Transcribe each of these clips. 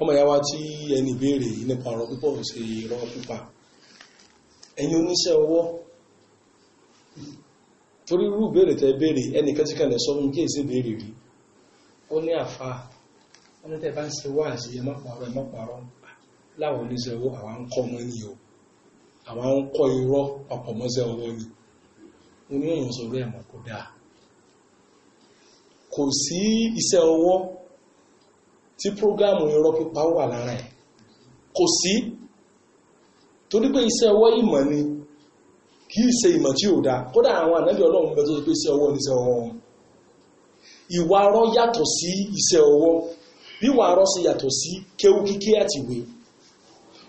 ọmọ ìyá wa tí ẹni ìbéèrè yìí nípa ọ̀rọ̀ púpọ̀ ṣe irọ́ pípa ẹ̀yin oníṣẹ́ ọwọ́ torí irú ìbéèrè tẹ béèrè ẹnì kẹ́tíkẹ́lẹ̀ sọ fún kíyèsí ìbéèrè rí ó ní àfa wọn ní tẹ bá ń ṣe wá àṣì ẹ má tí prógámù irọ́ pípa wà lára ẹ̀ kò sí torí pé iṣẹ́ ọwọ́ ìmọ̀ ni kì í ṣe ìmọ̀ tí ò dáa kódà àwọn ànábì ọlọ́run bẹ tó ṣe pé iṣẹ́ ọwọ́ ni iṣẹ́ ọwọ́ wọn ìwà arọ́ yàtọ̀ sí iṣẹ́ ọwọ́ bí ìwà arọ́ sí yàtọ̀ sí kéwú kíké àtìwé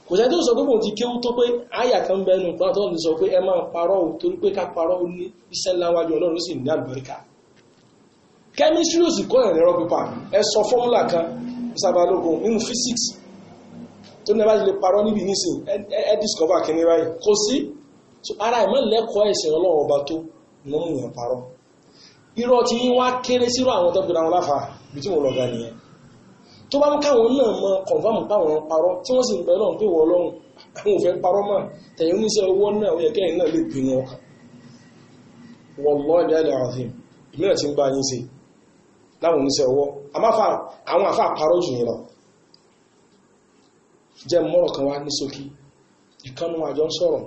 kò sẹ́ tó sọ pé bòun ti kéwú tó pé àyà kan bẹ nu pátọ́ ni sọ pé ẹ máa parọ́ ò torí pé ká parọ́ ó ní iṣẹ́ ńlá ọlọ́run sì ní àlùbáríkà kẹ́mísírì ò sì kọ́ ẹ̀rọ pípa ẹ sọ fọ́múlà kan ìsàbálògùn nínú physics tó ní ẹbájú lè parọ́ níbi nísìn ẹ discover kìíní ráyì kò sí ara ìmọ̀ lẹ́kọ̀ọ́ ẹ̀sìn ọlọ́run ọba tó mọ́ mú yàn parọ́ irọ́ ti yín wá kéré sírò àwọn tó gbéra wọn láfa bí tí mo lọ ga nìyẹn tó bá mú káwọn náà mọ confam báwọn parọ́ tí wọ́n sì ń bẹ lọ́run pé wọ́n lọ́run àwọn ò fẹ́ parọ́ mọ́ tẹ̀yìn oníṣẹ́ owó náà ó yẹ kẹ́yìn náà lè bínú ọkàn wọ́n lọ́ọ̀dẹ́ àlẹ́ àwọn ìmíràn ti ń bá yín sí i láwọn oníṣẹ́ ọwọ́ àwọn àfà àparọ́ jù yìí lọ jẹ́ mọ́rọ̀ kan wá ní sókí ìkanu àjọ ń sọ̀rọ̀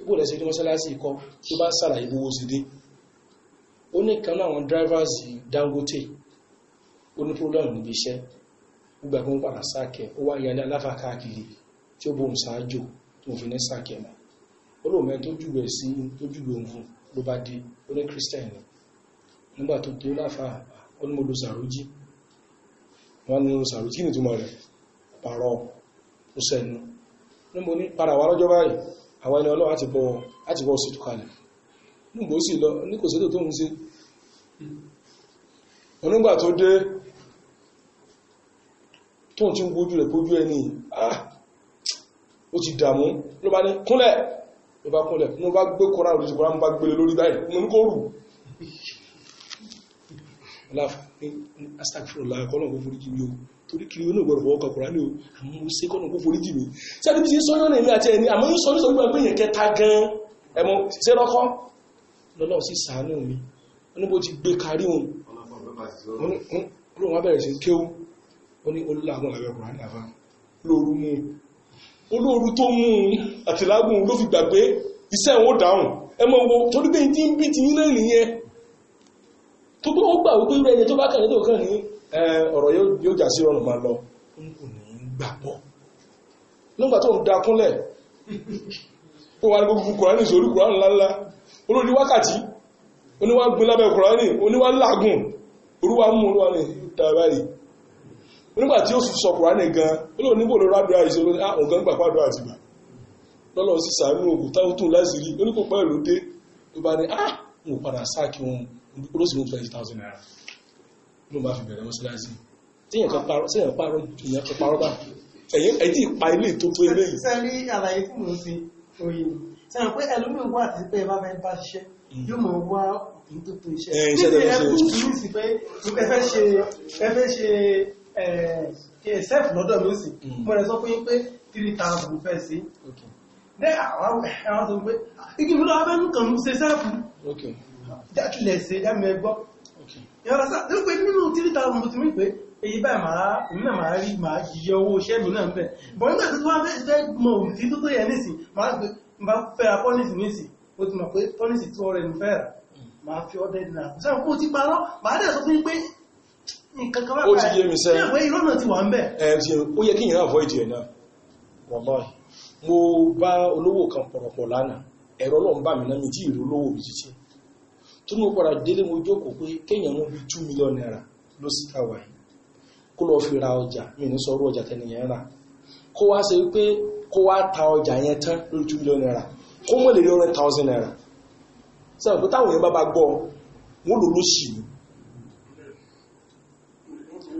ipò rẹ̀ sí ní mọ́sálásí ikọ́ tó bá ń sàlàyé sí dé ó ní kan àwọn drivers Dangote ó ní problem níbi iṣẹ́ gbogbo àgbọn padà sáàkẹ́ ó wá ìyàlẹ́ aláfà káàkiri tí ó bóun ṣáájò tó fi ní sáàkẹ́ mọ́ ó lóun mẹ́rin tó jùwẹ̀ sí tó jùwẹ̀ òun fún ló bá dé ó ní Christian nígbà tó dé láfà ó ní mo lo sàrújí wọ́n ní sàrújí ní túnmọ̀ rẹ̀ pàrọ̀ ó sẹ́nu ní mo ní padà wà lọ́jọ́ báyìí àwọn ẹni ọlọ́wà ti bọ́ láti bọ́ sí tukàlẹ̀ nígbò sí lọ ní kò sétò tó ń sí onígbà tó dé ah ó ti dààmú ló bá ní kúnlẹ̀ ló bá kúnlẹ̀ ló bá gbé láàfà ní astagfirullah kọ́nà kó forí jìbí o torí kiri onú ìgbọ̀rọ̀ fọwọ́ kakura ní o àmọ́ ó sé kọ́nà kó forí jìbí sẹ́ni bí sọ náà ní àti ẹni àmọ́ yóò sọ ní sọ wípé yẹn kẹta gan ẹmọ ṣe lọ́kọ́ lọ́lọ́ sí sàánú mi oníbo ti gbé kárí òun olóòwò abẹ́rẹ̀ sí kéwú ó ní olóògùn làbẹ́ kùrá ní àfá lóòrú mú olóòrú tó mú àtìlágùn ló fi gbàgbé iṣẹ́ ìwò dáhùn ẹmọ wo torí pé ní bí ti nílẹ̀ nìyẹn tó gbé wọ́n gbà wípé irú ẹni tó bá kàn nítorí kan ní ọ̀rọ̀ yóò jà sí ọ̀rùn máa lọ n kò ní í gbàgbọ́ nígbà tó ń ó wà ní gbogbo kùránì sórí kùránì ńláńlá olórí wákàtí oníwà gbin lábẹ́ kùránì oníwà mú olúwa ní ìtara yìí nígbà tí ó sọ kùránì gan olóòní bò ló rádùá ìṣòro ní àwọn ah, lọ́lọ́ rí olóṣèlú twenty thousand naira ló bá fi bẹ̀rẹ̀ mọ́ṣáláṣí tí èèyàn parọ́ tí èèyàn parọ́ bá ẹ̀yìn ẹ̀dí ìpa ilé tó tó ilé yìí. sẹ́ni àlàyé fún mi sí oyin sẹ́ni pé ẹlòmíràn wà sí pé bá fẹ́ bá ṣiṣẹ́ mm. yóò mọ̀ wá òkú tó tó iṣẹ́. iṣẹ́ tó ń ṣe oṣù sí pé ẹ fẹ́ ṣe ẹ fẹ́ lọ́dọ̀ mi sì mm. mo rẹ̀ sọ fún yín pé three thousand fẹ́ sí. dẹ́ àwọn sọ pé ah, igi mi lọ́wọ́ fẹ́ nù ń ṣe sẹ́ẹ̀fù jákìlẹ̀ ṣe ẹmẹ gbọ́ ìrọ̀lọ́sá ló pé nínú tírítà mo ti mí pé èyí báyìí màá ìmúnà màá rí màá yíyẹ owó iṣẹ́ mi náà bẹ̀ bọ̀ nígbà tó wá fẹ́ mọ òtí tó tó yẹ nísì màá gbé bá fẹ́ apọ́nìsì nísì ó ti mọ̀ pé tọ́nìsì tí ọ̀rẹ́ mi fẹ́ rà màá fi ọdẹ nà sẹ́wọ̀n kó ti parọ́ màá dẹ̀ sọ fún pé nǹkan kan bá ó ti yé mi sẹ́ ó yẹ kí ìyẹn avoid ẹ̀ náà wàláhì mo bá olówó kan pọ̀rọ̀pọ̀ lánàá ẹ̀rọ náà ń bà mí náà mi tí ìrò olówó mi títí torí mo padà délé mo jókòó pé kéèyàn mú bí two million naira ló sì ká wáyé kó lọ fi ra ọjà mi ní sọ̀rọ̀ ọjà tẹnìyàn rà kó wá ṣe wípé kó wá ta ọjà yẹn tán lórí two million naira kó mọ̀ lè rí ọ̀rẹ́ thousand naira sẹ́wọ̀n pé táwọn èèyàn bá bá gbọ́ wọ́n lò ló sì ní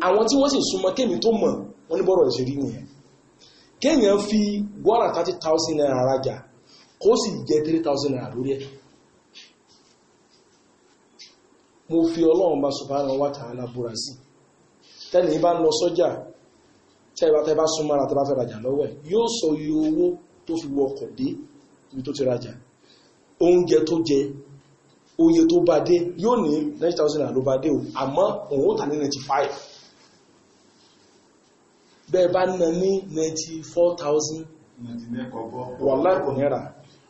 àwọn tí wọ́n sì súnmọ́ kéèmí tó mọ̀ wọ́n ní bọ́rọ̀ ìṣèrí nìyẹn kéèyàn fi one naira rajà kó sì jẹ́ three naira lórí ẹ̀ mo fi ọlọ́run bá subhanahu wa ta'ala búra sí tẹ́lẹ̀ bá ń lọ sọ́jà tẹ́bá tẹ́bá súnmọ́ra tẹ́bá fẹ́ rajà lọ́wọ́ ẹ̀ yóò sọ iye owó tó fi wọ ọkọ̀ dé ibi tó ti rajà oúnjẹ tó jẹ oye tó bá dé yóò ní 9000 ló bá dé o àmọ́ òun tà ní 95 bẹ́ẹ̀ bá ná ní 94,000 wàláì kò ní rà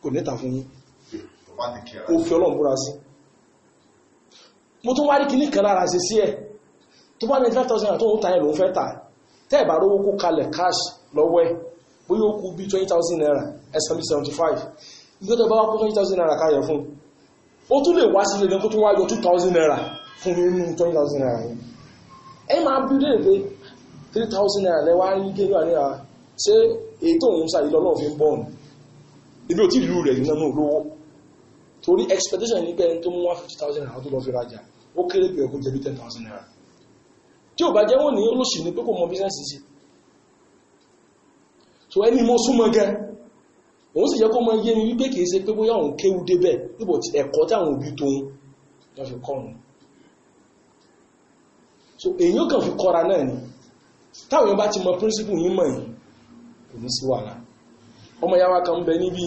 kò ní fún yín ó fi ọlọ́run búra sí mo tún wárí kìíní kan lára sí sí ẹ̀ tó bá ní 5,000 tó ń ta ẹ̀ ló ń fẹ́ tà tẹ́ ẹ̀ bá rówó kó kalẹ̀ cash lọ́wọ́ ẹ̀ bóyá ó kú bí 20,000 naira ẹ̀sán bí 75 ìgbé tó bá wá kó 20,000 naira káyọ̀ fún ó tún lè wá sí ilé gan kó tún wá yọ 2,000 naira fún nínú 20,000 naira yẹn ẹ máa bí dé pé 3,000 naira lẹ́wà ń gé wà níra ṣé èyí tó ń sa ìlọ́lọ́ fi ń bọ́ọ̀nù ibi ò tí ìlú rẹ̀ nínú olówó torí expectation ní pé ẹni tó mú wá fifty thousand naira tó lọ fi rajà ó kéré bí ẹkún jẹbi ten thousand naira tí ò bá jẹ́ wọ́n ní olóṣì ní pé kò mọ bísẹ́ǹsì sí so ẹni mo súnmọ́ gan òun sì jẹ́ kó mọ yé mi wípé kìí ṣe pé bóyá òun kéwú débẹ̀ níbo ẹ̀kọ́ tí àwọn òbí tóun lọ fi kọ́ òun so èyí ó kàn fi kọ́ra náà ni táwọn èèyàn bá ti mọ principle yìí mọ̀ yìí kò ní sí wàhálà ọmọ yàrá kan ń bẹ níbí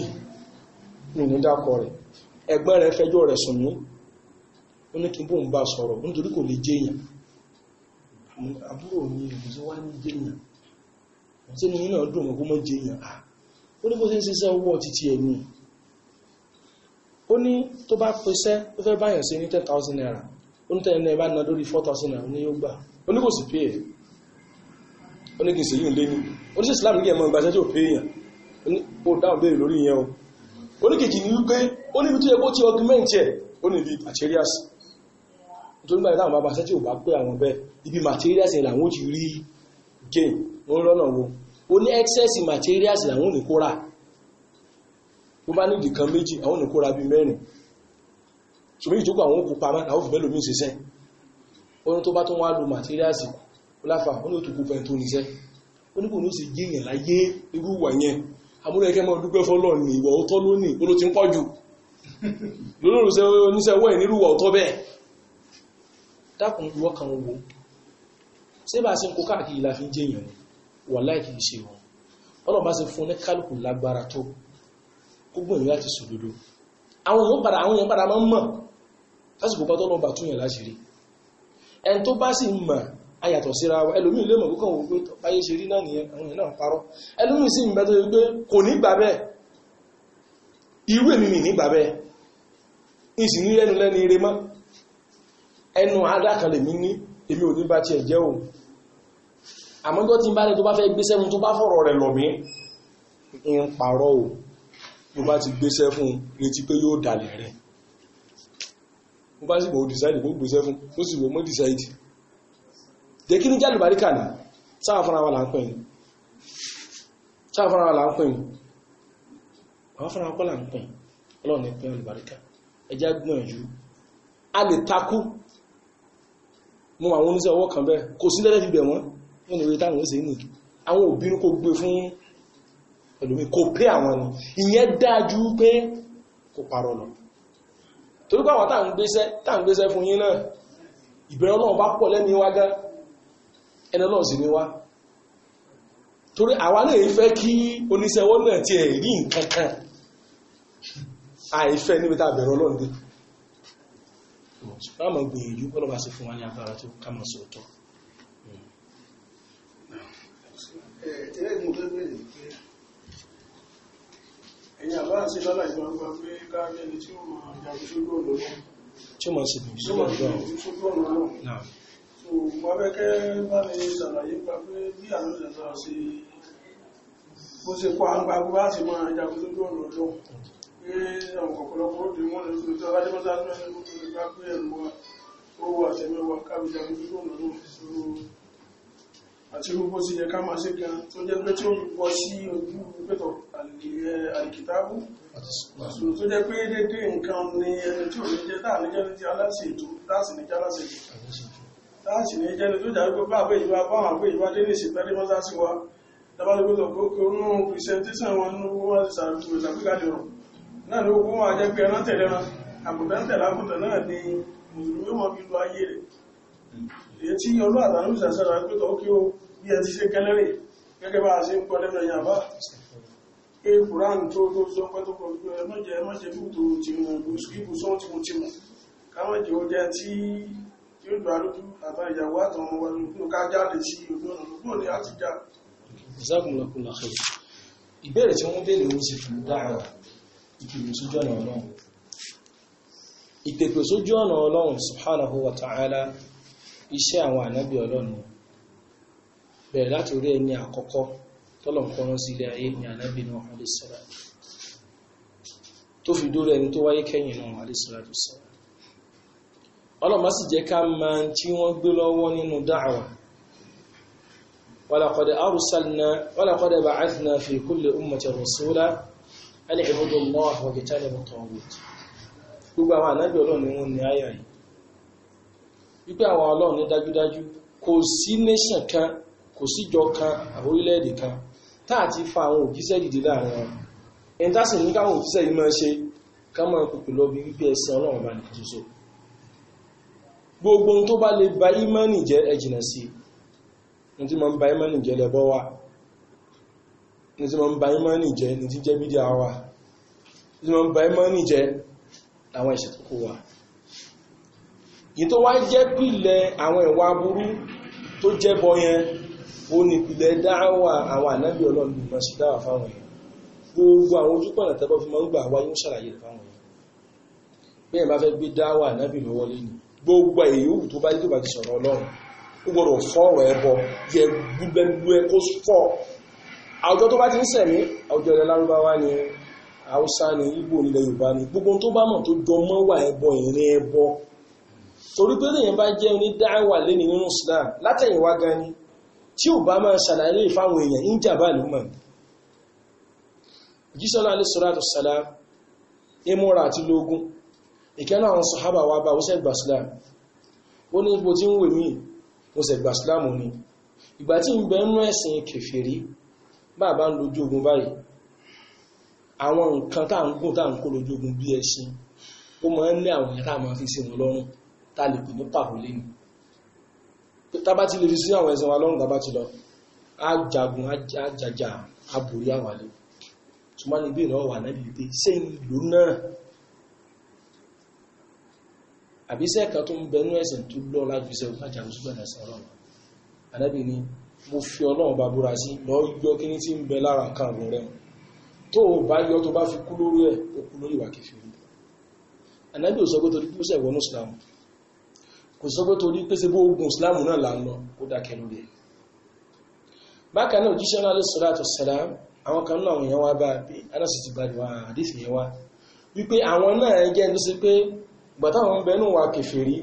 mi ní dákọ rẹ̀ ẹ̀gbọ́n rẹ̀ fẹjọ́ rẹ̀ sùn mí ó ní kí bóun bá sọ̀rọ̀ nítorí kò lè jẹyàn àbúrò wá ní jẹyàn tí ni náà dùn mọ́ mọ́ jẹyàn ó ní bó ṣe ń ṣiṣẹ́ owó títí ẹ̀mí ó ní tó bá pèsè ó fẹ́ báyàn sí ní ten thousand naira ó ní náà bá ná lórí four thousand naira ní yóò gbà ó ní kò sì ẹ̀ ó ní kì í oníkejì ní wípé ó níbi tó yẹ kó ti augment ẹ̀ ó níbi materials nítorí báyìí láwọn bàbá sẹ́tì ò bá pé àwọn bẹ́ẹ̀ ibi materials ẹ̀ làwọn ti rí gain ó ń rọ́nà wo ó ní excess materials làwọn ò ní kó rà tó bá nídìí kan méjì àwọn ò ní kó ra bí mẹ́rin ṣùgbọ́n ìjókòó àwọn òkú pamọ́ àwọn òfin mẹ́lòmí ṣiṣẹ́ orin tó bá tó wá lo materials láfà ó ní òtùkú fẹ́ tó níṣẹ́ ó ní kò ní ó sì jíyàn láyé irú wà yẹn amúlẹ̀kẹ́ mọ́ dúpẹ́ fọ́lọ́ ní ìwọ̀ ọ̀tọ́ lónìí bó ló ti ń pọ̀ jù lólórùsẹ́ oníṣẹ́wọ́ ẹ̀ nírúwọ̀ ọ̀tọ́ bẹ́ẹ̀ dákùn ìwọ kan wo ṣé bá ṣe ń kó káàkiri la fi ń jẹ́ èèyàn wà láìkì ìṣe wọn ọlọ́run bá ṣe fún ní kálùkù lágbára tó gbogbo èèyàn láti sòdodo àwọn èèyàn padà àwọn èèyàn padà máa ń mọ̀ lásìkò bá tọ́lọ́ bá túyàn láṣìírí ẹni tó bá sì mọ̀ ayàtọ̀ síra wa ẹlòmíì lè mọ̀ kókàn wò pé báyé ṣe rí náà nìyẹn àwọn náà ń parọ́ ẹlòmíì sì ń bẹ tó pé kò ní gbà bẹ́ẹ̀ irú èmi mi ní gbà bẹ́ẹ̀ n sì ní ẹnu lẹ́nu ire mọ́ ẹnu adákanlẹ̀ mi ní èmi ò ní bá tiẹ̀ jẹ́ òun àmọ́ tó ti bá rẹ̀ tó bá fẹ́ gbéṣẹ́ fún tó bá fọ̀rọ̀ rẹ̀ lọ mí ń parọ́ o mo bá ti gbéṣẹ́ fún retí pé yóò dalẹ̀ rẹ̀ mo bá sì mọ̀ ò dìsáìdì mo gbéṣẹ́ fún mo sì mọ̀ mo dìsáìdì jẹ́ kí ní jẹ́ àlùbáríkà ní sáà fúnra wa là ń pè ní sáà fúnra wa là ń pè àwọn fúnra wa kọ́ là ń pè ní ọlọ́run ní pé àlùbáríkà ẹjẹ́ gbìyànjú a lè takú mú àwọn oníṣẹ́ ọwọ́ kan bẹ́ẹ̀ kò sí lẹ́lẹ́ fi bẹ̀ wọ́n ní orí táwọn ó ní àwọn òbí kò gbé fún ẹlòmí kò pé àwọn ni ìyẹn dájú pé kò parọ́ lọ torípàwọ̀ táà ń gbéṣẹ́ fún yín náà ìbẹ̀rẹ̀ ọlọ́run bá pọ̀ lẹ́ni wá gan ẹni ọlọ́run sì ni wá torí àwa náà fẹ́ kí oníṣẹ́wọ́ náà ti ẹ̀ rí nǹkan kan àìfẹ́ níbi tá a bẹ̀rẹ̀ ọlọ́run dé ṣùgbọ́n àmọ́ gbìyànjú kọ́ lọ́ba sí fún wa ní agbára tó ká mọ̀ sí ọ̀tọ̀. ẹ̀yìn àbá àti lọ́la ìgbàgbà pé káàkiri tí ó mọ̀ ìjàgbé sójú ọ̀dọ́ náà tí ó mọ̀ sí ìjàgbé sójú ọ̀dọ́ náà tó wọ́n fẹ́kẹ́ bá mi ṣàlàyé pa pé bí àwọn ìṣẹ̀sọ̀ sí bó ṣe kọ́ àwọn gbogbo láti máa jagun lójú ọ̀nà ọjọ́ pé àwọn ọ̀pọ̀lọpọ̀ òde wọn lè tó ọba jẹ́ mọ́tà lọ́wọ́ ẹni tó gbá pé ẹ̀rù wa ó wọ àtẹ̀mẹ́wà kábi jagun lójú ọ̀nà náà ṣòro àti gbogbo sì yẹ ká máa ṣe gan tó jẹ́ pé tí ó wọ sí ojú pẹ̀tọ̀ àlìkìtábù tó jẹ́ pé déédéé nǹkan ni ẹni tí ò ní jẹ́ táà níjẹ́ ní ti aláṣẹ ètò láti níjẹ́ aláṣẹ ètò láti ní jẹ́ni tó jà gbogbo àbẹ́ ìwà báwọn àbẹ́ ìwà dé ní ìsìnkẹ́lẹ́ mọ́sá sí wa tàbálùgbòtò kókò nínú presentation wọn ní wọ́n ti sàrùkù ìsàkúgbàdì rọ̀ náà ló kún wọn àjẹ́ pé ẹran tẹ̀lé wọn àbùkán tẹ̀lé àbùtọ̀ náà ni mùsùlùmí mọ́ fi lo ayé rẹ̀ èyí tí olú àtàlù ìsàsára gbòtò kí ó bí ẹ ti ṣe kẹlẹ́rì gẹ́gẹ́ bá a ṣe ń kọ́ lẹ́nu ẹ̀yà bá e kuran tó tó sọ pé tó kọ ẹmọ́jẹ ẹmọ́jẹ fún tòun ti tí ó gbà lójú àtà ìyàwó àtàwọn wọn nínú ká jáde sí ojú ọ̀nà gbogbo ní àti já. ìzákùnlọ́kùnlá ọ̀hẹ́ ìbéèrè tí wọ́n béèrè wọ́n sì fún dára ìpèpè sójú ọ̀nà ọlọ́run ìpèpè sójú ọ̀nà ọlọ́run subhanahu wa ta'ala iṣẹ́ àwọn ànábì ọlọ́run bẹ̀rẹ̀ láti orí ẹni àkọ́kọ́ tọ́lọ̀ sí ilé ayé ní ànábì náà alẹ́sọ̀rọ̀ tó fi dúró ẹni tó wáyé kẹ́yìn náà alẹ́sọ̀rọ̀ ọlọ́mọ sì jẹ́ ká máa tí wọ́n gbé lọ́wọ́ nínú dáàwà ولقد أرسلنا ولقد بعثنا في كل أمة رسولا أن اعبدوا الله واجتنبوا الطاغوت gbogbo àwọn ànábì ọlọ́run ni wọ́n ní àyà yìí wípé àwọn ọlọ́run ní dájúdájú kò sí nation kan kò síjọ kan àwọn orílẹ̀-èdè kan táà ti fa àwọn òjíṣẹ́ gbogbo tó bá lè ba imani jẹ́ ẹjìnà sí ní tí ma ń ba imani jẹ́ lẹ́bọ́ wa ní tí ma ń ba imani jẹ́ ní tí jẹ́ bídí àwa ní tí ma ń ba imani jẹ́ àwọn ìṣẹ̀tọ́kọ́ wa yìí tó wá jẹ́ pìlẹ̀ àwọn ìwà burú tó jẹ́ bọ yẹn ó ní pìlẹ̀ dáwà àwọn ànábì ọlọ́run ní ìmọ̀sí dáwà fáwọn yẹn gbogbo àwọn ojúpọ̀nà tẹ́bọ́ fi máa ń gbà wáyé ń ṣàlàyé fáwọn yẹn gbogbo èyíwù tó bá yí tó bá ti sọ̀rọ̀ ọlọ́run ó gbọ́dọ̀ fọ́ọ̀rọ̀ ẹbọ yẹ gbúgbẹ́gbú ẹ kó fọ́ àwùjọ tó bá ti ń sẹ̀mí àwùjọ ilẹ̀ lárúbáwá ni haúsá ni Ìgbò ilẹ̀ Yorùbá ni gbogbo tó bá mọ̀ tó jọ mọ́ wà ẹbọ ìrìn ẹbọ torí pé lèyìn bá jẹ́ oní lẹ́ni nínú Islam látẹ̀yìnwá gan ni tí ò bá máa ṣàlàyé fáwọn èèyàn ń jàbá ló mọ̀ jísọ́lá alẹ́ sọ́lá tó sàlá ìmúra àti lógún ìkẹ́nà àwọn sàhábà wa bá wọ́sẹ̀ gbà islam ó ní ipò tí ń wè mí mo sẹ̀ gbà islam ni ìgbà tí ń bẹ nú ẹ̀sìn kèfèrí bàbá ń lójú ogun báyìí àwọn nǹkan tá à ń gùn tá a máa fi sí a lè pè ní pàwọlé ni tábà ti lè fi sí àwọn ẹ̀sìn wa lọ́rùn tábà ti lọ á jagun á jàjà ṣùgbọ́n níbi ìnáwó wà náà lè dé ṣé ìlú náà àbí iṣẹ́ kan tó ń bẹnú ẹ̀sìn tó lọ́ láti fi sẹ́wọ́n láti àrùsù bẹ̀rẹ̀ sí ọlọ́run anábì ni mo fi ọlọ́run bá búra sí lọ yọ kíní tí ń bẹ lára nǹkan àbọ̀ rẹ̀ tó o bá yọ tó bá fi kú lórí ẹ̀ ó kú lórí ìwà kẹfì rí anábì ò sọ pé torí pé sẹ̀wọ́n islam kò sọ pé torí pé sẹ́gbó ogun islam náà là ń lọ ó dákẹ́ lórí ẹ̀ bákan náà jíṣẹ́ náà lè sọ́lá àtọ̀ sẹ́lá àwọn kan náà àwọn èèyàn wá bá bí gbàtàwọn ń bẹnu wa kèfèrí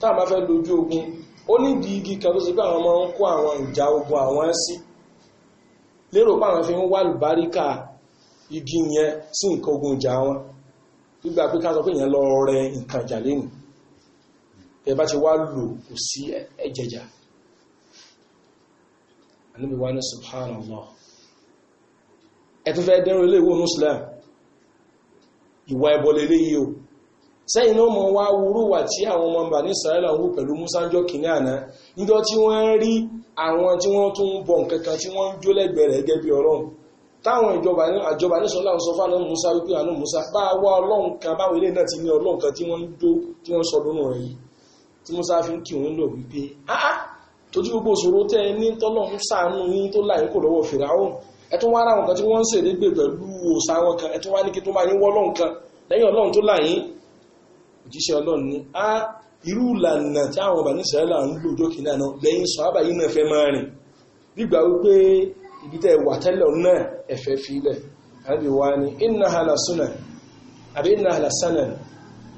táà bá fẹ́ lójú ogun ó nídìí igi kan tó ṣe pé àwọn máa ń kó àwọn ìjà ogun àwọn sí lérò pé àwọn fi ń wá lùbáríkà igi yẹn sí nǹkan ogun ìjà wọn gbígbà pé ká sọ pé yẹn lọ rẹ nǹkan ìjà lẹ́nu ẹ bá ti wá lò kò sí ẹjẹjà Ànábì wa ní subhanallah ẹ tún fẹ́ dẹ́rùn ilé ìwò muslim ìwà ẹbọ lélẹ́yìí o sẹ́yìn náà mọ̀ wá wúrú wà tí àwọn ọmọ bà ní sàrẹ́là wú pẹ̀lú músánjọ́ kìíní àná níjọ́ tí wọ́n rí àwọn tí wọ́n tún bọ̀ nkankan tí wọ́n ń jó lẹ́gbẹ̀ẹ́ rẹ̀ gẹ́gẹ́ bí ọlọ́run táwọn ìjọba àjọba ní sọ́lá sọ fún àwọn musa wípé musa bá wá ọlọ́run kan báwọn ilé náà ti ní ọlọ́run kan tí wọ́n ń jó tí wọ́n sọ lónà rẹ̀ yìí tí lẹ́yìn ọlọ́run tó láyé òjíṣẹ́ ọlọ́run ní á irú ìlànà tí àwọn ọba nísìlẹ́lá ń lò jókè náà lẹ́yìn sọ́ábà yìí náà fẹ́ máa rìn gbígbà wípé ibi tẹ́ wà tẹ́lẹ̀ náà ẹ̀fẹ́ fílẹ̀ halasuna àbí iná halasana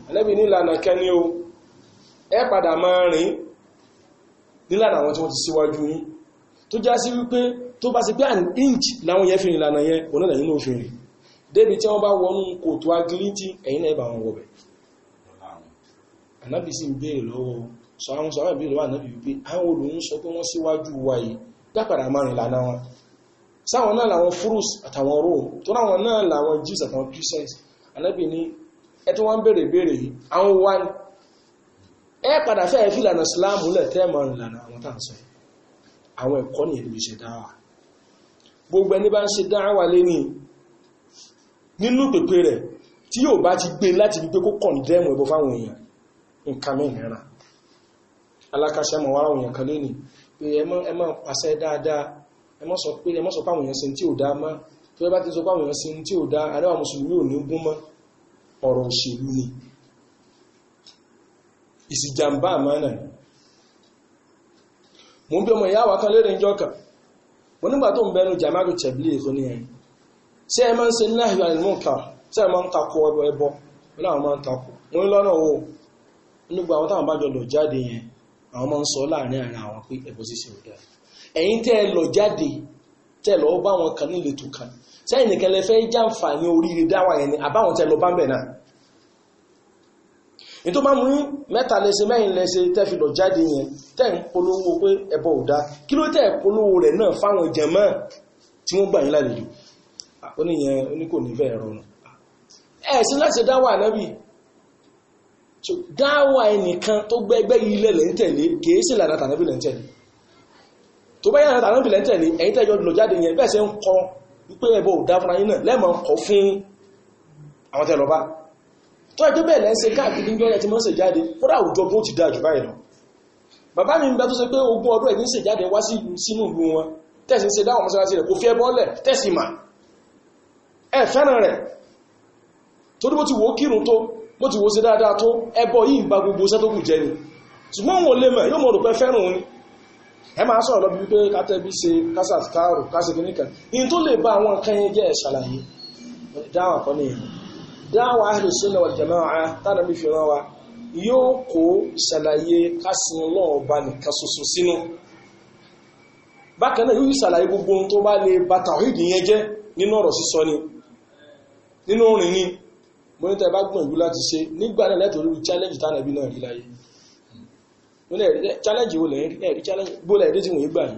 alẹ́bí nílànà kẹ́ni o ẹ padà máa rìn nílànà àwọn tí wọ́n ti síwájú yín tó já sí wípé tó bá sí pé an inch láwọn yẹn fi rìn lànà yẹn débi tí wọ́n bá wọnú kòtò agilítì ẹ̀yìn náà ibà wọn wọ̀bẹ̀ ànábì sì ń béèrè lọ́wọ́ sọ àwọn sọ àwọn wà ànábì wípé àwọn olùhún sọ pé wọ́n síwájú wa yìí dápàdà márùn lànà wọn sáwọn náà làwọn furus àtàwọn rome tó ráwọn náà làwọn jews àtàwọn christians ànábì ní ẹ tó wọ́n béèrè béèrè yìí àwọn wá ní ẹ padà fẹ́ fi lànà islam lẹ̀ tẹ́ márùn lànà àwọn tá à ń sọ àwọn ẹ̀kọ́ nìyẹn níbi ṣe dáwà gbogbo ẹni bá ń ṣe dáwà lẹ́ni nínú pèpè rẹ̀ tí yóò bá ti gbé láti gbé kó kọ̀ndẹ́mù ẹbọ fáwọn èèyàn nǹkan mìíràn alákàṣẹ́ mọ̀ wára òyìn kan lónìí pé ẹ má pàṣẹ dáadáa ẹ má sọ pé ẹ má ma. ti sọ páwọn èèyàn sí tí ò dá adáwà mùsùlùmí ò ní gún mọ́ ọ̀rọ̀ ni ìsìjàmbá bí ọmọ kan kan nígbà tó ń ẹ máa ń ẹ máa ń takò wọn náà máa ń takò inú gba àwọn táwọn bá jọ lọ jáde yẹn àwọn máa ń sọ láàrin àárín àwọn pé ẹbọ ṣíṣe ò dáa ẹ̀yin tẹ́ ẹ lọ jáde tẹ́ ẹ lọ bá wọn kan ní ìletò kan sẹ́yìn nìkan lẹ fẹ́ jàǹfààní oríire dáwà yẹn ni àbáwọn tẹ́ lọ bá ń bẹ̀ náà ní tó bá mú mẹ́ta lẹ́sẹ̀ mẹ́rin lẹ́sẹ̀ tẹ́ fi lọ jáde yẹn tẹ́ ń polówó pé ẹbọ ò dáa kí ló tẹ́ polówó rẹ̀ náà fáwọn jẹ̀mọ́ tí láti dáwà náà bíi so dáwà ẹnìkan tó gbẹ́gbẹ́ ilẹ̀ lẹ́ ń tẹ̀lé kìí sí ìlànà tànábì lẹ́ ń tẹ̀lé tó bá yàrá tànábì lẹ́ ń tẹ̀lé ẹ̀yin tẹ́jọ́ lọ jáde yẹn bẹ́ẹ̀ ṣe ń kọ wípé ẹbọ ò dá fúnra yín náà lẹ́mọ̀ ń kọ fún àwọn tẹ́ lọ bá tó ẹjọ́ bẹ́ẹ̀ lẹ́ ń ṣe káàkiri ní ọjà tí wọ́n ń ṣe jáde kódà àwùjọ bó ti dáa jù báyìí lọ bàbá mi ń bẹ tó ṣe pé ogún ọdún ẹ̀yìn ṣe jáde wá sínú ìlú wọn tẹ̀sí ṣe dáwọn bó ti wo dáadáa tó ẹbọ yìí ń ba gbogbo iṣẹ́ tó kù jẹ́ ni ṣùgbọ́n òun lè mọ̀ yóò mọ̀ fẹ́ràn ẹ máa sọ̀rọ̀ lọ́bi wípé kátẹ́bí ṣe kásàtì káàrò kásìkì nìkan yìí tó lè àwọn nǹkan yẹn jẹ́ dáhùn dáhùn tánà fi yóò kó ba nìkan tó ba mo ní tẹ́ bá gbìyànjú láti ṣe nígbà náà lẹ́tọ̀ọ́ lórí challenge tánà bí náà rí láyé mo lè rí challenge wo lẹ́yìn rí challenge bó lẹ́yìn rí tí wọ́n gbà yìí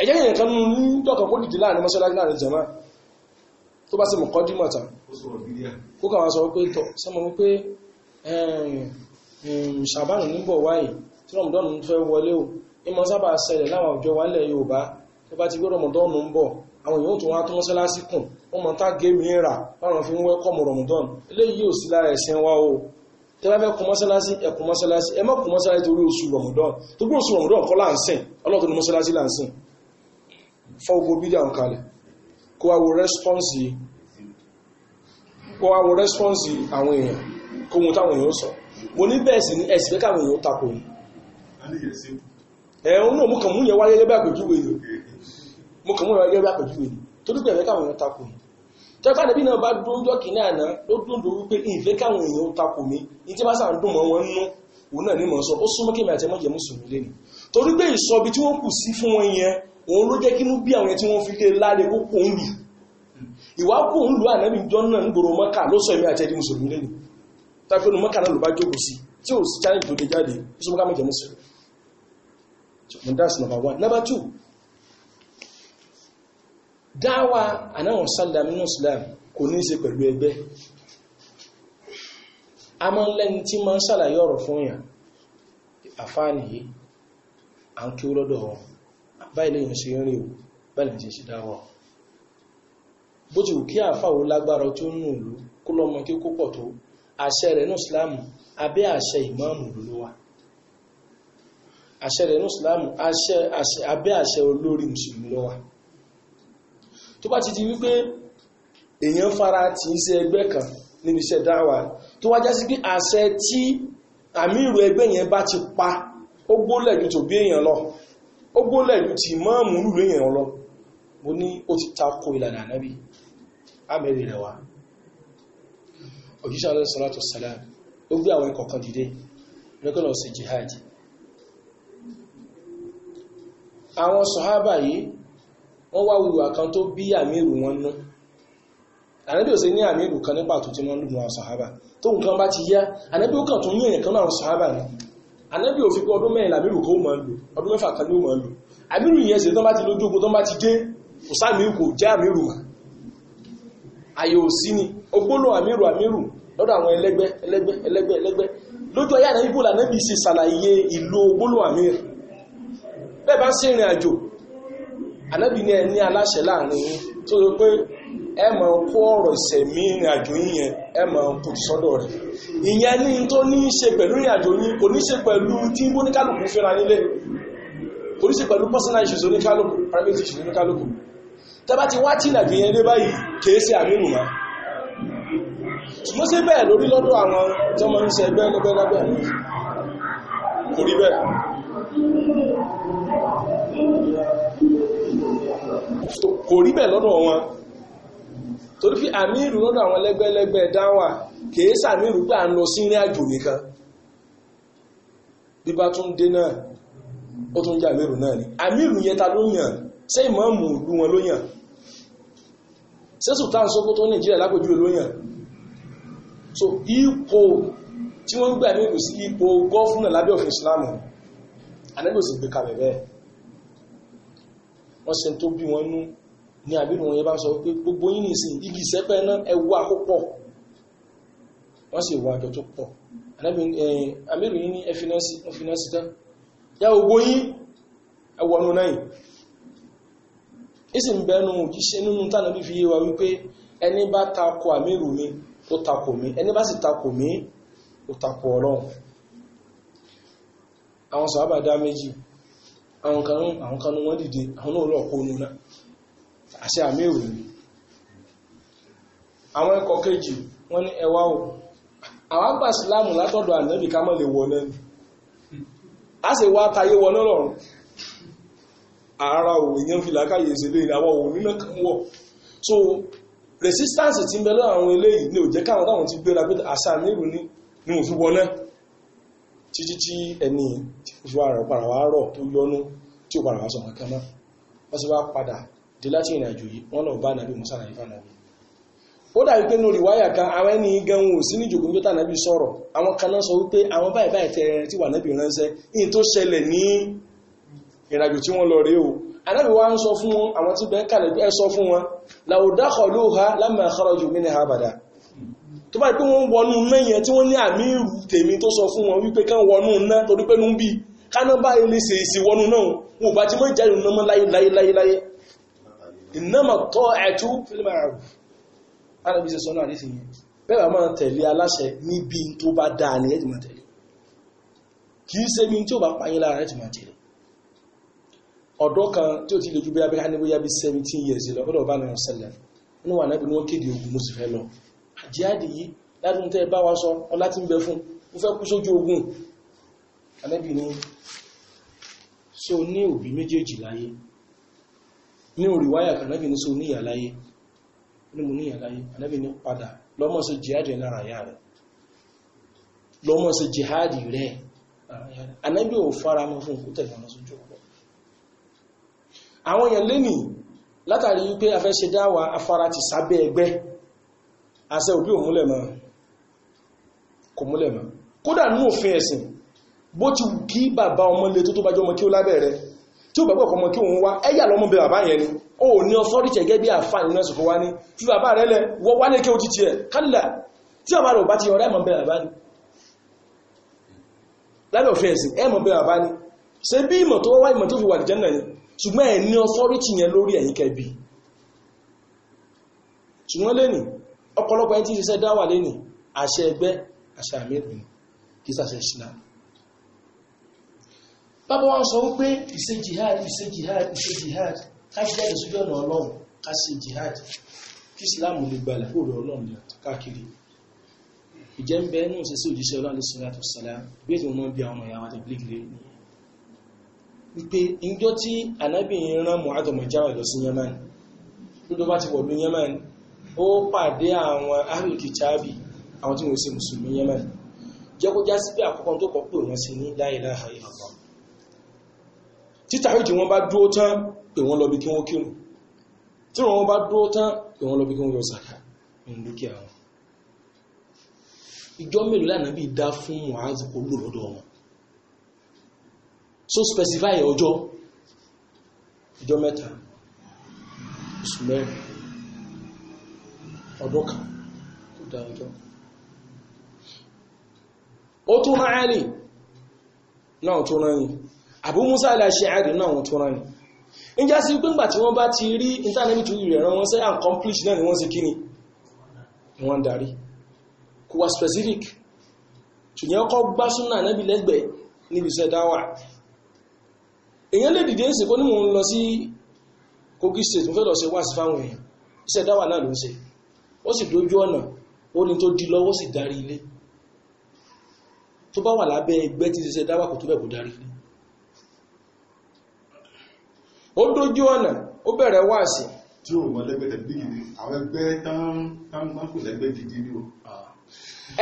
ẹ̀jẹ̀ yẹn kan ní dọ́kàn kó dìde láàrin mọ́ṣáláṣí láàrin jẹ̀má tó bá sì mọ̀ kọ́ dímọ̀ tán kó kà wá sọ pé tọ̀ sọmọ wípé ṣàbánù níbọ̀ wáyé tí rọmọdọ́nù fẹ́ wọlé o ìmọ̀ sábà ṣẹlẹ̀ láwọn àwùjọ wálẹ̀ Yorùbá tó bá ti gbé rọmọdọ́nù ń bọ̀ àwọn èèyàn tó wá tó mọ́ṣáláṣí kùn wọ́n mọ̀ tá géèmì ń rà láwọn fi ń wẹ́kọ̀mù Ramadan eléyìí ò sí lára ẹ̀sìn wa o tẹ́ bá fẹ́ kọ́ mọ́sálásí ẹ kọ́ mọ́sálásí ẹ má kọ́ mọ́sálásí torí oṣù Ramadan torí oṣù Ramadan kọ́ láǹsìn ọlọ́kùnrin mọ́sálásí láǹsìn fọ́ ogbó bídà ń kalẹ̀ kó wá wo rẹ́spọ́nsì kó wá wo rẹ́spọ́nsì àwọn èèyàn kó wọn táwọn èèyàn sọ mo ní bẹ́ẹ̀ sì ní ẹ̀sìn pé káwọn èèyàn tako ni ẹ̀hún náà mo kàn mú yẹn wáyé gẹ́gẹ́ bí torí pé ẹ̀fẹ́ káwọn èèyàn takò mí tẹ́fà níbi náà bá dún ọjọ́ kìíní àná ló dùn dùn wípé ìfẹ́ káwọn èèyàn takò mí ní tí bá sà ń dùn mọ́ wọn nú òun náà ní mọ̀ sọ ó súnmọ́ kí èmi àti ẹmọ́jẹ mùsùlùmí lẹ́nu torí pé ìsọbi tí wọ́n kù sí fún wọn yẹn òun ló jẹ́ kínú bí àwọn tí wọ́n fi lé láre that's number one number two dáwà anáwọn sálà nínú islam kò ní í ṣe pẹ̀lú ẹgbẹ́ a máa ń lẹ́ni tí máa ń sàlàyé ọ̀rọ̀ fún yàn àfáàní yìí à ń kí ó lọ́dọ̀ wọn báyìí lẹ́yìn ṣe ń rí o báyìí lẹ́yìn ṣe dáwà bó ti wù kí àfáwò lágbára tó ń nù lú kó lọ́mọ kí kó pọ̀ tó àṣẹ rẹ̀ nínú islam abẹ́ àṣẹ ìmáàmù ló wà àṣẹ rẹ̀ nínú islam abẹ́ àṣẹ olórí mùsùlùmí ló wà tó bá ti di wípé èèyàn fara ti ń ṣe ẹgbẹ́ kan níbi iṣẹ́ dáwà tó wájá sí pé àṣẹ tí àmírù ẹgbẹ́ yẹn bá ti pa ó gbólẹ̀ ju tòbí èèyàn lọ ó gbólẹ̀ ju ti mọ́ọ̀mù lùlù èèyàn lọ mo ní ó ti tako ìlànà ànábì ámẹ́rì rẹ̀ wá òjíṣẹ́ alẹ́ sọ́látọ̀ sàlá ó gbé àwọn ikọ̀ kan dìde lọ́kọ̀lọ́ jihad àwọn sọ̀hábà yìí wọ́n wá wùwà kan tó bí àmìrù wọn nú ànábì ò sí ní àmìrù kan ní pàtó tí wọ́n lù wọn sàhábà tó nǹkan bá ti yá ànábì ó kàn tún kan náà sàhábà ni ànábì ò fi pé ọdún mẹ́rin àmìrù kan ó máa lò ọdún mẹ́fà kan ní ó máa lò àmìrù yẹn sì tó bá ti lójú ogun tó bá ti dé kò sáàmìrù kò já àmìrù mà àyè ò sí ni ogbólò àmìrù àmìrù lọ́dọ̀ àwọn ẹlẹ́gbẹ́ anábì ní ẹni aláṣẹ láàrin yín tó yẹ pé ẹ máa kó ọ̀rọ̀ ìṣẹ̀mí ìrìnàjò yín yẹn ẹ máa kò sọ́dọ̀ rẹ̀ ìyẹn ní tó ní í ṣe pẹ̀lú ìrìnàjò yín kò ní í ṣe pẹ̀lú tí bóníkálùkù fẹ́ra nílé kò ní í ṣe pẹ̀lú personal issues oníkálùkù private issues oníkálùkù tẹ́bá ti wá tí ìrìnàjò yẹn dé báyìí kìí ṣe àmì ìrùmá ṣùgbọ́n sí bẹ́ẹ̀ lórí lọ́dọ̀ àwọn tó mọ́ kò rí bẹ́ẹ̀ lọ́dọ̀ wọn torí fi àmírù lọ́dọ̀ àwọn lẹ́gbẹ́lẹ́gbẹ́ dáwà kìí sàmírù gbà ń lọ sí ní àjò nìkan bí bá tún dé náà ó tún jà mírù náà ni àmírù yẹn ta ló yàn ṣé ìmọ̀ọ́mù ìlú wọn ló yàn ṣé sultan Sókótó Nàìjíríà lápòjú ló yàn so ipò tí wọ́n ń gbà mírù sí ipò gọ́fúnà lábẹ́ òfin Islam àdẹ́gbèsì gbé kalẹ̀ bẹ́ẹ̀ wọ́n ṣe tó bí wọn nú ní àbínú wọn yẹ bá sọ pé gbogbo yín nìsín igi ìsẹ́pẹ́ náà ẹ wá àkópọ̀ wọ́n sì wá àjọ tó pọ̀ àmìrì yín ní ẹfinẹ́sì tán yá gbogbo yín ẹwọ̀nù náà ìsì ń bẹ́nu òjíṣẹ́ nínú tánàbí fi yé wa wípé ẹni bá takò àmìrù mi ó takò mí ẹni bá sì takò mí ó takò ọlọ́run àwọn sàábà dá méjì àwọn kan àwọn kan wọ́n dìde àwọn náà lọ kó nuna àṣẹ àmì èrò ni àwọn ẹ̀kọ́ kejì wọ́n ní ẹwà o àwọn àgbà sílámù látọ̀dọ̀ ànábì ká mọ́ lè wọ náà ni a sì wá tayé wọ náà lọ́rùn ara ò èèyàn fi làákàyè ìṣèlú ìràwọ̀ òun nínú kan wọ̀ so resistance ti ń bẹ lọ́wọ́ àwọn eléyìí ní òjẹ́ káwọn táwọn ti gbéra pé àṣà àmì èrò ni mo fi wọ náà títí tí ẹni ìfúra rẹ̀ padà wá rọ̀ tó yọnú tí ó padà wá sọ nǹkan náà wọ́n sì wá padà dé láti ìrìn àjò yìí wọ́n lọ bá nàbí musa nàbí fànàbí ó dàbí pé lórí wáyà kan àwọn ẹni gan wò sí ní ìjòkó tó tànàbí sọ̀rọ̀ àwọn kan náà sọ wípé àwọn báyìí tẹ ẹrẹ tí wà nàbí ránṣẹ́ ní tó ṣẹlẹ̀ ní ìrìn àjò tí wọ́n lọ rèé o anábì wa ń sọ fún àwọn tí bẹ́ẹ̀ kàlẹ̀ ẹ sọ fún wọn làwùdá kọlóha lámà àkọrọjù mí ní habada tó bá pé wọ́n wọnú mẹ́yẹn tí wọ́n ní àmì ìrù tèmi tó sọ fún wọn wípé kán wọnú ná torí pé nú bí káná bá ilé ṣe èsì wọnú náà wọn bá ti mọ́ ìjà ìrùn náà láyé láyé láyé láyé ìnáma tọ́ ẹ̀tú fílímà àrùn alábi ṣe sọ́nà àdísì yẹn bẹ́ẹ̀ bá máa tẹ̀lé aláṣẹ years lọ ọ̀dọ̀ bá náà ṣẹlẹ̀ nínú wà náà bí wọ́n jihadi yìí ládùn tẹ́ bá wa sọ ọlá tí ń bẹ fún ó fẹ́ kú sójú ogun alẹ́bì ni ṣé o ní òbí méjèèjì láyé ní òrìwáyà kan alẹ́bì ni ṣé o ní ìyá láyé ní mo ní ìyá láyé alẹ́bì ni padà lọ́mọ ṣe jihadi lára ìyá rẹ̀ lọ́mọ ṣe jihadi rẹ̀ alẹ́bì ò fara mọ́ fún òkú tẹ̀lé ọmọ sójú ogun àwọn èèyàn lénìí látàrí wípé afẹ́ ṣe dáwà afárá ti sábẹ́ ẹgbẹ́ àṣẹ òbí ò múlẹ̀ mọ́ kò múlẹ̀ mọ́ kódà ní òfin ẹ̀sìn bó ti kí bàbá ọmọ lè tó tó bá jọ ọmọ kí ó lábẹ̀rẹ̀ tí ó bàbá ọkọ̀ ọmọ kí òun wá ẹ̀yà lọ́mọ ni ó ní ọsọ́rí tẹ̀gẹ́ bí àfà nínú ẹ̀sùn wá ní fi bàbá rẹ̀ lẹ̀ wọ́n wá ní kí ó ti tiẹ̀ kálà tí ọmọ rẹ̀ ò bá ti ọ̀rẹ́ ẹ̀mọ̀ bẹ bàbá ni lálẹ́ òfin ẹ̀sìn ẹ̀mọ̀ bẹ bàbá ni ni ṣùgbọ́n ẹ̀ ọ̀pọ̀lọpọ̀ ẹni tí ṣiṣẹ́ dáwà lẹ́nì àṣẹ ẹgbẹ́ àṣẹ àmìrìn kì í sàṣẹ islam bàbá wọn sọ wípé ìṣe jihad ìṣe jihad ìṣe jihad ká jáde sójú ọ̀nà ọlọ́run ká ṣe jihad kí islam lè gbalẹ̀ fòrò ọlọ́run káàkiri ìjẹ́ ń bẹ nínú ìṣẹ́sí òjíṣẹ́ ọlọ́run sọ́lá tó sọ́lá bí ètò wọn bí àwọn ìyàwó àti blake lè wípé ìjọ tí anábìnrin rán Mu'adh ọmọ Jabal lọ sí Yemen lódó bá ti wọ̀lú Yemen ó pàdé àwọn ahlùkìtàbì àwọn tí wọ́n ṣe mùsùlùmí Yemen jẹ́ kó já sí pé àkọ́kọ́ tó kọ́ pé wọ́n ṣe ní la ilaha illallah títà ìjì wọn bá dúó tán pé wọ́n lọ bí kí wọ́n kírun tí wọ́n bá dúó tán pé wọ́n lọ bí kí wọ́n yọ sàkà nínú dúkìá wọn ìjọ mélòó lánàá bí dá fún Mu'adh kó lò lọ́dọ̀ wọn so specify ọjọ́ ìjọ mẹ́ta oṣù mẹ́rin ọdún kan kò dá ọjọ́ ó tún rán alì náà tún rán yìí Abu Musa al-Ash'ari náà tún rán yìí ń já sí pé ńgbà tí wọ́n bá ti rí intanẹ́bìtì rẹ̀ rán wọ́n sẹ́ accomplish náà ni wọ́n sì kí ni wọ́n darí kò wá specific ṣùgbọ́n ọkọ̀ gbá súnà náàbì lẹ́gbẹ̀ẹ́ níbi iṣẹ́ dáwà èyàn lè dìde ìsìnkú ní mò ń lọ sí Kogi ó sì dójú ọ̀nà ó ní tó di lọ́wọ́ sì darí ilé tó bá wà lábẹ́ ẹgbẹ́ tí ṣiṣẹ́ dáwà kò tó bẹ̀ kó darí ilé ó dójú ọ̀nà ó bẹ̀rẹ̀ wáàsí tí ó wọ́n lẹ́gbẹ́ tẹ̀bí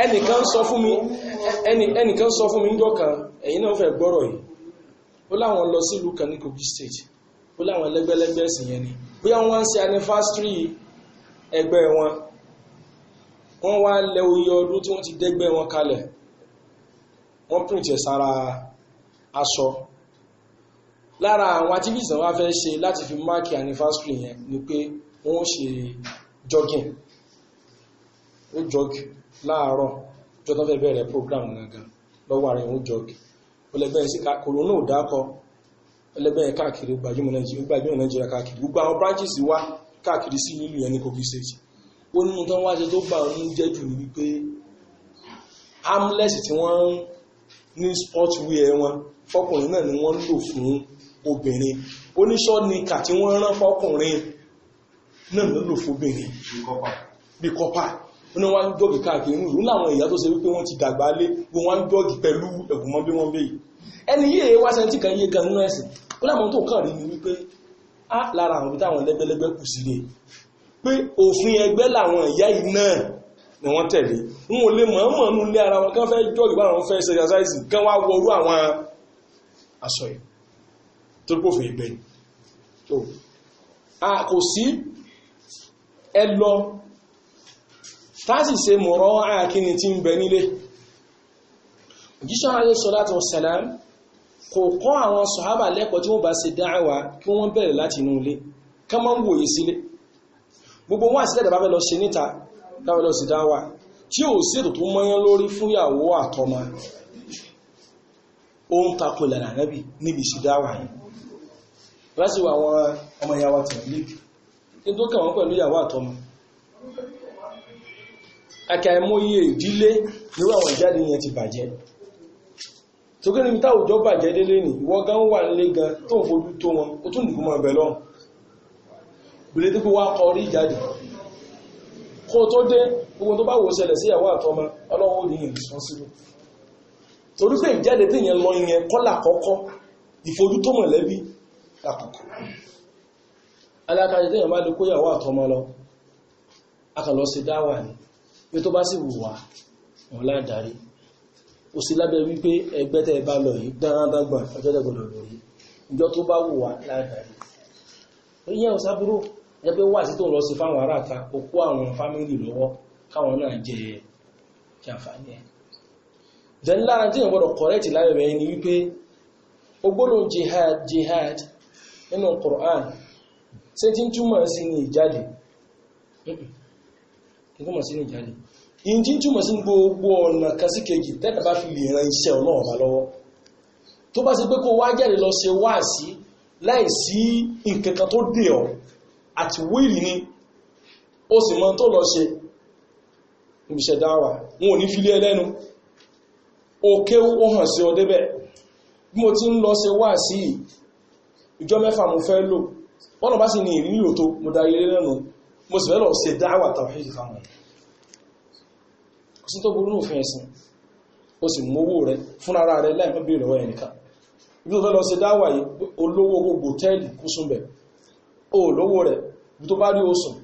ẹnìkan sọ fún mi ẹnìkan sọ fún mi ńjọ́ kan ẹ̀yin náà fẹ́ gbọ́rọ̀ yìí ó láwọn lọ sílùú kan ní Kogi state ó láwọn ẹlẹ́gbẹ́lẹ́gbẹ́ ẹ̀sìn yẹn ni bóyá wọ́n ń ṣe anifásitírì ẹgbẹ́ wọn wọ́n wá lẹ oyè ọdún tí wọ́n ti dẹ́gbẹ́ wọn kalẹ̀ wọ́n print ẹ̀ sára aṣọ lára àwọn activists wọ́n fẹ́ ṣe láti fi máàkì anniversary yẹn ni pé wọ́n ṣe jogging ó jog láàárọ̀ jọ tó fẹ́ bẹ̀rẹ̀ program gangan lọ́wọ́ ààrẹ ó jog ọlẹ́gbẹ́ sí kòrò náà dákọ ọlẹ́gbẹ́ káàkiri gbajúmọ̀ Nàìjíríà káàkiri gbogbo àwọn branches wá káàkiri sí ìlú yẹn ní Kogi State ó nínú tó ń wáṣe tó bà ọ́ ní jẹ́jù wípé armless tí wọ́n ń ní sportswear wọn fọkùnrin náà ni wọ́n ń lò fún obìnrin oníṣọ́nìkà tí wọ́n rán fọkùnrin náà ló lò fóbìnrin bí kọ́pà wọ́n ní wọ́n ń jọ́gì káàkiri inú ìlú láwọn ìyá tó ṣe wípé wọ́n ti dàgbà lé wọ́n wá ń jọ́gì pẹ̀lú ẹ̀gùnmọ́ bí wọ́n bèyí ẹni yíè wá sẹ́ntì kan yíè kan nínú ẹ̀sìn láwọn tó kàn rí ni wípé á lára àwọn ibi táwọn pé òfin ẹgbẹ́ làwọn ìyá yìí náà ni wọ́n tẹ̀lé wọn ò lè mọ̀ọ́mọ̀ nú ilé ara wọn kán fẹ́ jọ́ọ̀gì bá wọn fẹ́ ṣe exercise kán wá wọrú àwọn aṣọ yìí tó pòfin ẹgbẹ́ tó a kò sí ẹ lọ táàsì ṣe mọ̀rọ̀ àkíní tí ń bẹ nílé òjíṣẹ́ alayhi salatu wassalam kò kọ́ àwọn sọ̀hábà lẹ́kọ̀ọ́ tí wọ́n bá ṣe dáhàwá kí wọ́n bẹ̀rẹ̀ láti inú ilé ká máa ń wòye sílé gbogbo wọn àṣìlẹ̀ bá fẹ́ lọ ṣe níta dáwọ́ lọ sí dáwà tí ò sí ètò tó mọ́yán lórí fún ìyàwó àtọmọ ó ń takò ìlànà ànábì níbi ìṣìdáwà yìí láti wà àwọn ọmọ ìyàwó tẹ̀lík ní tó kà wọ́n pẹ̀lú ìyàwó àtọmọ àkàìmọye ìdílé nírú àwọn ìjáde yẹn ti bàjẹ́ tó ni táwùjọ bàjẹ́ délé ni ìwọ gan wà nílé gan tó ń fojú tó wọn ó tún nìkú mọ́ ẹ̀bẹ̀ lọ́hùn bèèrè tó kó wá kọ orí ìjáde kó tó dé gbogbo tó bá wò ṣẹlẹ̀ sí ìyàwó àtọmọ ọlọ́run ó ní ìrìnsán sílò torí pé ìjáde tí ìyẹn lọ ìyẹn kọ́là kọ́kọ́ ìfojú tó mọ̀lẹ́bí lákòókò alákàjẹ́ tí ìyẹn bá lè kó ìyàwó àtọmọ lọ akàlọ́ sí dáwà ní pé tó bá sì wù wá wọn ládàrí ó sì lábẹ́ ò sábúrò jẹ́ pé wà sí tó lọ sí fáwọn aráta ó kó àwọn fámílì lọ́wọ́ káwọn náà jẹ jàǹfààní ẹ̀ then lára tí èèyàn gbọ́dọ̀ correct lábẹ̀bẹ̀ ni wípé jihad jihad nínú Qur'an ṣé tí ń túmọ̀ sí ní ìjáde ìtumọ̀ sí ní ìjáde ìyìn tí ń túmọ̀ sí gbogbo ọ̀nà kásíkejì tẹ́lẹ̀ bá fi lè ran iṣẹ́ ọlọ́run lọ́wọ́ tó bá ṣe pé kó wá jáde lọ ṣe àti wíìlì ni ó sì mọ́ tó lọ ṣe ìbìṣẹ̀ dáwà wọn ò ní filé ẹlẹ́nu ó kéwú ó hàn sí bí mo ti ń lọ ṣe wá sí ìjọ mẹ́fà mo fẹ́ lò wọ́n lọ bá sì ní ìrìnlò mo darí lẹ́nu mo sì lọ ṣe dáwà ibi olówó gbogbo bí tó bá rí oṣùn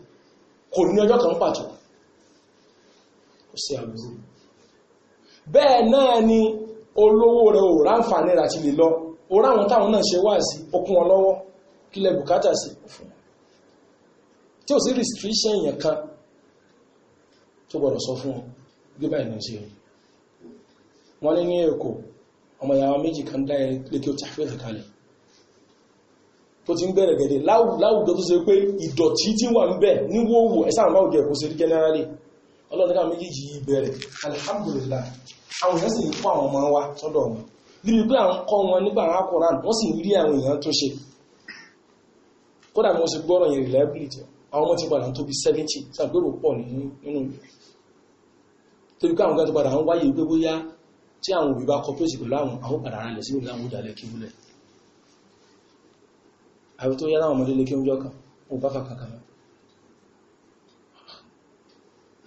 kò ní ọjọ́ kan pàtó kò sí àbúrú bẹ́ẹ̀ náà ni olówó rẹ̀ ò ráǹfààní láti lè lọ ó ráwọn táwọn náà ṣe wà sí okun ọlọ́wọ́ kí lẹ bùkátà sí fún tí ò sí restriction yẹn kan tó gbọ́dọ̀ sọ fún wọn ní ní èkó ọmọ ìyàwó tó ti ń bẹ̀rẹ̀ gẹ̀dẹ̀ láwùjọ tó ṣe pé ìdọ̀tí tí wà ń bẹ̀ ní wòwò ẹ̀sàn láwùjọ alhamdulillah àwọn èèyàn sì ń kọ́ àwọn ọmọ wa sọ́dọ̀ wọn níbi pé à ń kọ́ wọn nígbà àwọn akọ̀rán wọ́n sì rí àwọn èèyàn tó ṣe kódà wọ́n sì gbọ́rọ̀ yẹn reliability àwọn ọmọ ti padà tó bí 70 sàgbérò pọ̀ nínú torí tí àwọn òbí bá kọ pé àwọn àwọn padà sí ìlú àwọn òdàlẹ̀ kíwúlẹ̀ a tó yára ọmọdé lè kí oúnjọ kan ó bá kàkàkà mọ́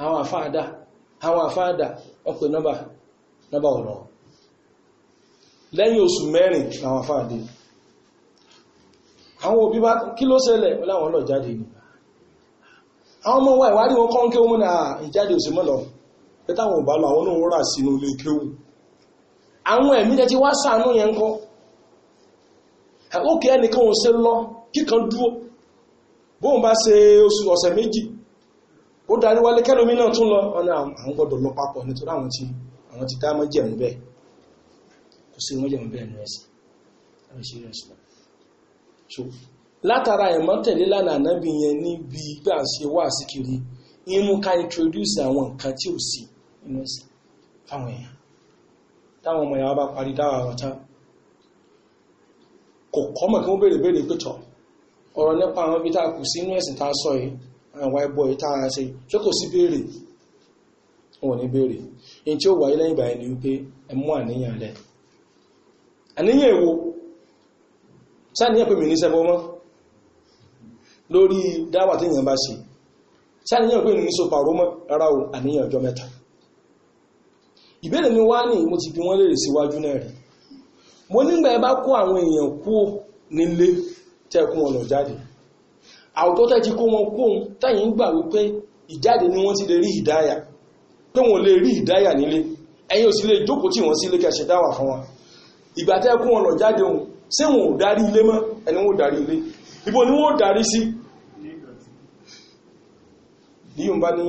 àwọn àfáàdà àwọn àfáàdà ọpẹ nọ́bà lẹ́yìn oṣù mẹ́rin àwọn àfáàdé àwọn òbí bá kí ló ṣẹlẹ̀ láwọn lọ jáde ni àwọn ọmọ wa wọn ìjáde ò lọ àwọn rà sínú ilé àwọn ti wá ókè ẹnìkan ò ṣe lọ kíkan dúó bóun bá ṣe oṣù ọ̀sẹ̀ méjì ó darí wálé kẹ́lómi náà tún lọ ọ̀nà àwọn gbọ́dọ̀ lọ papọ̀ nítorí àwọn tí àwọn ti dá mọ́jẹ̀ ń bẹ́ẹ̀ kò sí mọ́jẹ̀ ń bẹ́ẹ̀ ní ẹ̀sìn àwọn ìṣẹ́lẹ̀ ìṣẹ́lẹ̀ introduce àwọn nǹkan tí ò sí inú ẹ̀sìn fáwọn èèyàn kò kọ́mọ̀ kí wọ́n béèrè béèrè pé tọ̀ ọ̀rọ̀ nípa àwọn ibi tá a kù sí inú ẹ̀sìn tá a sọ yìí àwọn ẹbọ yìí tá a ṣe ṣé kò sí béèrè wọn ò ní béèrè èyí tí ó wáyé lẹ́yìn ìgbà yẹn ni wípé ẹ mú àníyàn rẹ àníyàn èwo wá ní mo ti bi wọ́n léèrè síwájú náà rí mo nígbà ẹ bá kó àwọn èèyàn kú nílé tẹ́kún ọ̀nà jáde àwùjọ tẹ́ ti kó wọn kú òun tẹ́yìn ń gbà wípé ìjáde ni wọ́n ti lè rí ìdáyà pé wọ́n lè rí ìdáyà nílé ẹ̀yin ò sì lè jókòó tí wọ́n sí lè kẹsẹ̀ dáwà fún wọn ìgbà tẹ́kún ọ̀nà jáde òun ṣé wọn ò darí ilé mọ́ ẹni wọn ò darí ilé ibo ni wọn ò darí sí díyùn bá ní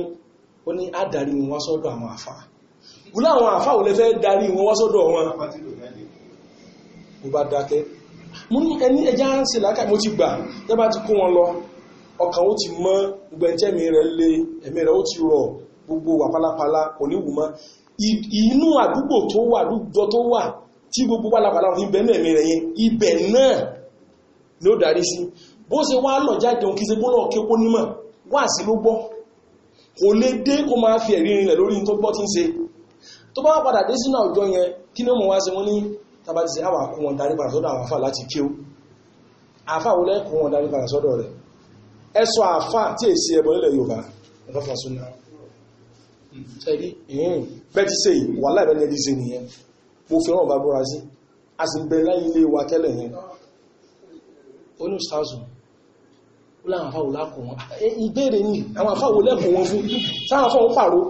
ó ní á darí wọn wá sọ́dọ̀ àwọn àfà wúlò àwọn lè fẹ́ darí wọn wá sọ́dọ̀ wọn mo bá dákẹ́ mo ní ẹni ẹja ń ṣe làákà mo ti gbà tẹ́ bá ti kó wọn lọ ọkàn ó ti mọ́ gbogbo ẹ̀ńtẹ́mi rẹ̀ lé ẹ̀mí rẹ̀ ó ti rọ̀ gbogbo wà pálapàla kò ní wù mọ́ inú àdúgbò tó wà àdúgbò tó wà tí gbogbo pálapàla òfin bẹ́ẹ̀ mẹ́rin rẹ̀ yẹn ibẹ̀ náà ló darí sí bó ṣe wá lọ jáde òun kí ṣe gbóná ọkẹ́ kó nímọ̀ wá sí ló gbọ́ kò lè dé kó máa fi ẹ̀rí rinlẹ̀ lórí tó gbọ́ tí ń ṣe tó bá padà dé sínú àwùjọ yẹn kí ni ó mọ̀ wá sí wọn ní tàbá ti ṣe àwọn àkún wọn darí padà sọ́dọ̀ àwọn àfà láti kí ó àfà wọlé kún wọn darí padà sọ́dọ̀ rẹ̀ ẹsọ àfà tí è sí ẹbọ nílẹ̀ Yorùbá ẹ̀fọ́fà súnà bẹ́ẹ̀ ti ṣe wà láìbẹ̀ ní ni àwọn àfà wọlé kún wọn fún sáwọn àfà wọn pàrọ̀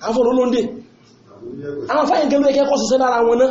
àwọn àfà wọn lóńdè àwọn àfà yẹn gẹ́lú ẹkẹ́ kọ́ lára wọn náà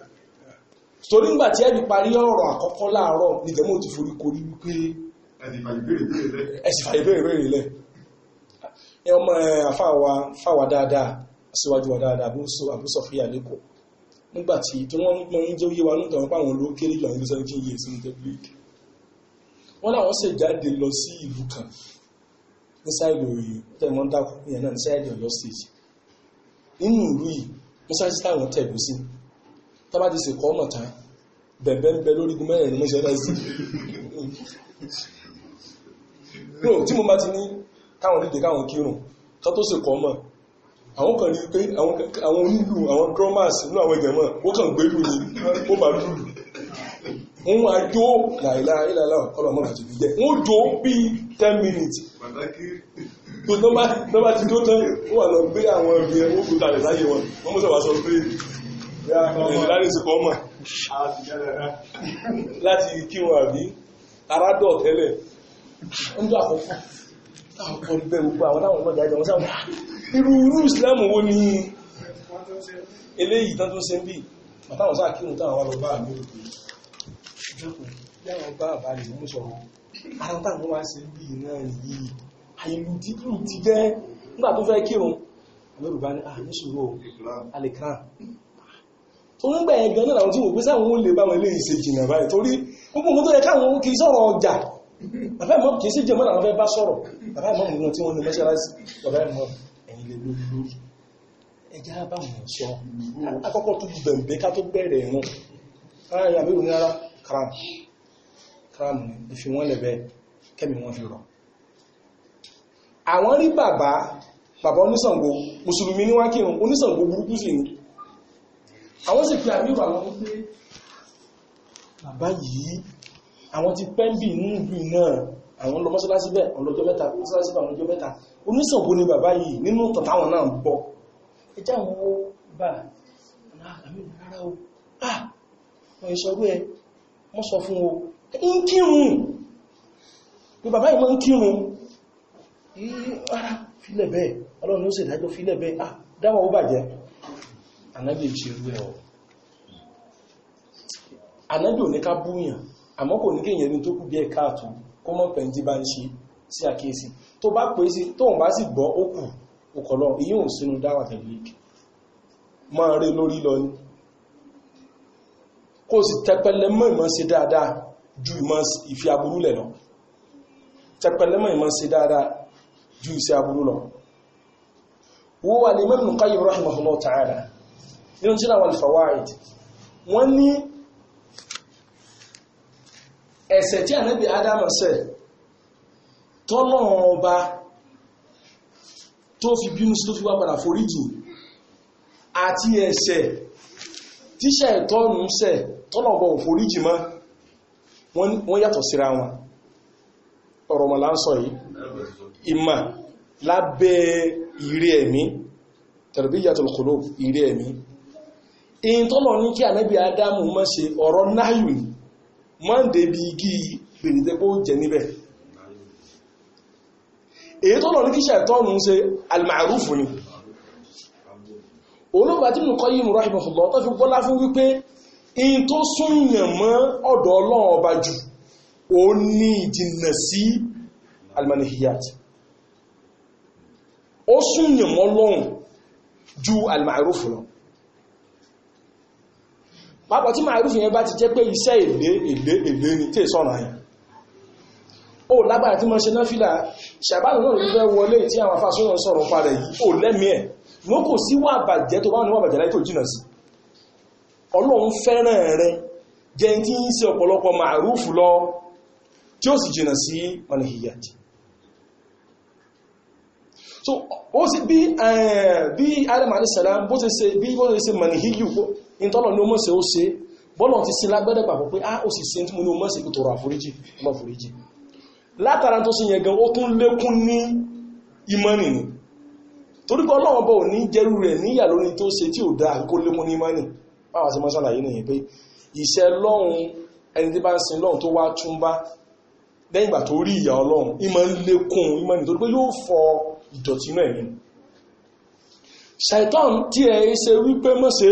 torí ńgbà tí ẹ̀dì parí ọ̀rọ̀ àkọ́kọ́ láàárọ̀ ní dẹ̀mọ́ ti forí korí wípé ẹ̀sì fàyè bèrè bèrè lẹ̀ ẹ ọmọ àfáwa fáwa dáadáa síwájú wa dáadáa Abu Sofia lẹ́kọ̀ọ́ nígbà tí tí wọ́n mọ̀ ń jẹ́ oyé wa nígbà wọn páwọn ló kéré jù àwọn ibi sẹ́yìn kí n yé sí ní public wọ́n láwọn sì jáde lọ sí ìlú kan ní sáìdì òye tẹ́lẹ̀ wọ́n dákú yẹn náà ní sáìdì Ọ̀yọ́ stage nínú ìlú yìí mọ́sáàsì táwọn tẹ̀gbọ́ sí tábàdì sì kọ́ ọmọ tán bẹ̀bẹ̀ ń bẹ lórígun mẹ́rin mọ́ ṣẹlẹ̀ sí no tí mo bá ti ní káwọn dìde káwọn kírun tó tó sì kọ́ mọ̀ àwọn kan ní pé àwọn onílù àwọn drummers inú àwọn ìgbẹ̀mọ̀ ó kàn gbé lù ní ó bá lù wọ́n wá jó láìláà ìlàlá ọ̀kọ́lọ̀ mọ́ àti ìjẹ́ wọ́n jó bí láti kí wọn àbí arádọ̀ tẹ́lẹ̀ ń jọ àkọ́kọ́ àwọn ìgbẹ́ gbogbo àwọn táwọn ọmọdé àjọ wọn sáwọn irú irú ìsìlámù wo ni eléyìí tán tó ń bí àtàwọn sáà kí wọn táwọn wà lọ bá àmì òkè tó ń gbà ẹ̀gán náà àwọn tí wọ́n pín sáwọn ó lè bá wọn ilé ìṣe jìnà báyìí torí gbogbo ohun tó yẹ káwọn kì í sọ̀rọ̀ ọjà bàbá ìmọ̀ kì í sí jẹ́mọ́ àwọn fẹ́ bá sọ̀rọ̀ bàbá ìmọ̀ mìíràn tí wọ́n ní mọ́ṣáláṣí bàbá ìmọ̀ ẹ̀yìn lè lórí ẹjá bá wọn sọ akọ́kọ́ tó bẹ̀m̀bẹ̀ ká àwọn sì fi àmìrò àwọn wípé bàbá yìí àwọn ti pẹ́ńbì nínú náà àwọn lọ mọ́sálásí bẹ́ẹ̀ ọlọ́jọ́ mẹ́ta mọ́sálásí bẹ́ẹ̀ ọlọ́jọ́ mẹ́ta oníṣòwò ni bàbá yìí nínú tọ̀táwọn náà bọ̀ ẹjá wo bá àmìrò rárá o ah wọ́n ìṣọ́rú ẹ wọ́n sọ fún o ń kírun ní bàbá yìí máa ń kírun yìí ara fílẹ̀ bẹ́ẹ̀ ọlọ́run ó sì dájọ́ fílẹ̀ bẹ́ẹ̀ ah dáwọn ó bàjẹ́ ànábì ò ṣe irú ẹ̀ ọ́ ànábì ò ní ká búyàn àmọ́ kò ní kéèyàn ní tó kú bí ẹ̀ káàtó kó mọ̀ pẹ̀ntì bá ń ṣe sí àkíyèsí tó bá pè sí tóun bá sì gbọ́ ó kù òkọ̀lọ́ ìyóhùn sínú dáwà tẹ̀lé e. máa rí lórí lọ ní kó sì tẹpẹlẹ mọ́ ìmọ̀ ṣe dáadáa ju ìfi aburú lẹ̀ lọ tẹpẹlẹ mọ́ ìmọ̀ ṣe dáadáa ju ìṣe aburú lọ wọ́n wà ní Imam Qayyim rahimahullah ta'ala nínú tí àwọn alfawaid wọ́n ní ẹ̀ṣẹ̀ tí ànábì Ádámù ṣẹ̀ tọ́nà ọba tó fi bínú sí tó fi wá padà foríjì àti ẹ̀ṣẹ̀ tíṣẹ̀ ìtọ́nù ṣẹ̀ tọ́nà ọba òforíjì mọ́ wọ́n yàtọ̀ síra wọn ọ̀rọ̀ mọ̀ láńsọ yìí ìmà lábẹ́ ìrí ẹ̀mí tarbiyatul qulub ìrí ẹ̀mí in tọ́lọ̀ ní kí ànábì Ádámù má ṣe ọ̀rọ̀ náyù ni mọ́ǹdé bí igi gbèrèdẹ́gbó jẹ níbẹ̀ èyí tọ́lọ̀ ní kí ṣàtọ́nù ṣe almarufu ni olóògbà tí mo kọ́ yìí mú rahimahullah tó fi gbọ́lá fún wípé in tó súnyàn mọ́ ọ̀dọ̀ Ọlọ́run ọba jù ó ní ìjìnnà sí almanihiyat ó súnyàn mọ́ lọ́hùn ju almarufu lọ pàápàá tí màárùfù yẹn bá ti jẹ́ pé iṣẹ́ èlé èlé èlé ni tí èsọ̀rọ̀ yẹn ó lágbára tí mo ṣe náà fìlà ṣàbánù náà ló fẹ́ wọlé tí àwọn afásọ́nà sọ̀rọ̀ parẹ̀ yìí ó lẹ́mí ẹ̀ wọ́n kò sí wà bàjẹ́ tó bá wọn ní wà bàjẹ́ láì tó jìnà sí ọlọ́run fẹ́ràn rẹ jẹ́ tí ń ṣe ọ̀pọ̀lọpọ̀ màárùfù lọ tí ó sì jìnà sí ọ̀nà ìyàjì so ó sì eh, bí adam alayhi salam bó ṣe ṣe bí bó ṣe ṣe mọ̀nìhíyù ìtọ́lọ̀ ní ó mọ̀ sí ó ṣe bọ́lọ̀ ti sí lágbẹ́dẹ̀ pàpọ̀ pé á ah, ó sì sí tí mo ní ó mọ̀ sí tọrọ àforíjì ọmọ àforíjì látara tó sì yẹn gan ó tún lékún ní ìmánì ni torí pé ọlọ́run bọ̀ ní jẹ́rú rẹ̀ níyà lórí tó ṣe tí ò dáa kó lékún ní ìmánì báwa sí mọ́sálà yìí nìyẹn pé ìṣẹ́ lọ́run ẹni tí bá ń sin lọ́run tó wá tún bá lẹ́yìn ìgbà tó rí ìyà ọlọ́run ìmọ̀ ń lékún ìmánì torí pé yóò fọ ìdọ̀tí náà ẹ̀mí ṣàìtàn tí ẹ̀ ṣe wípé mọ́ṣe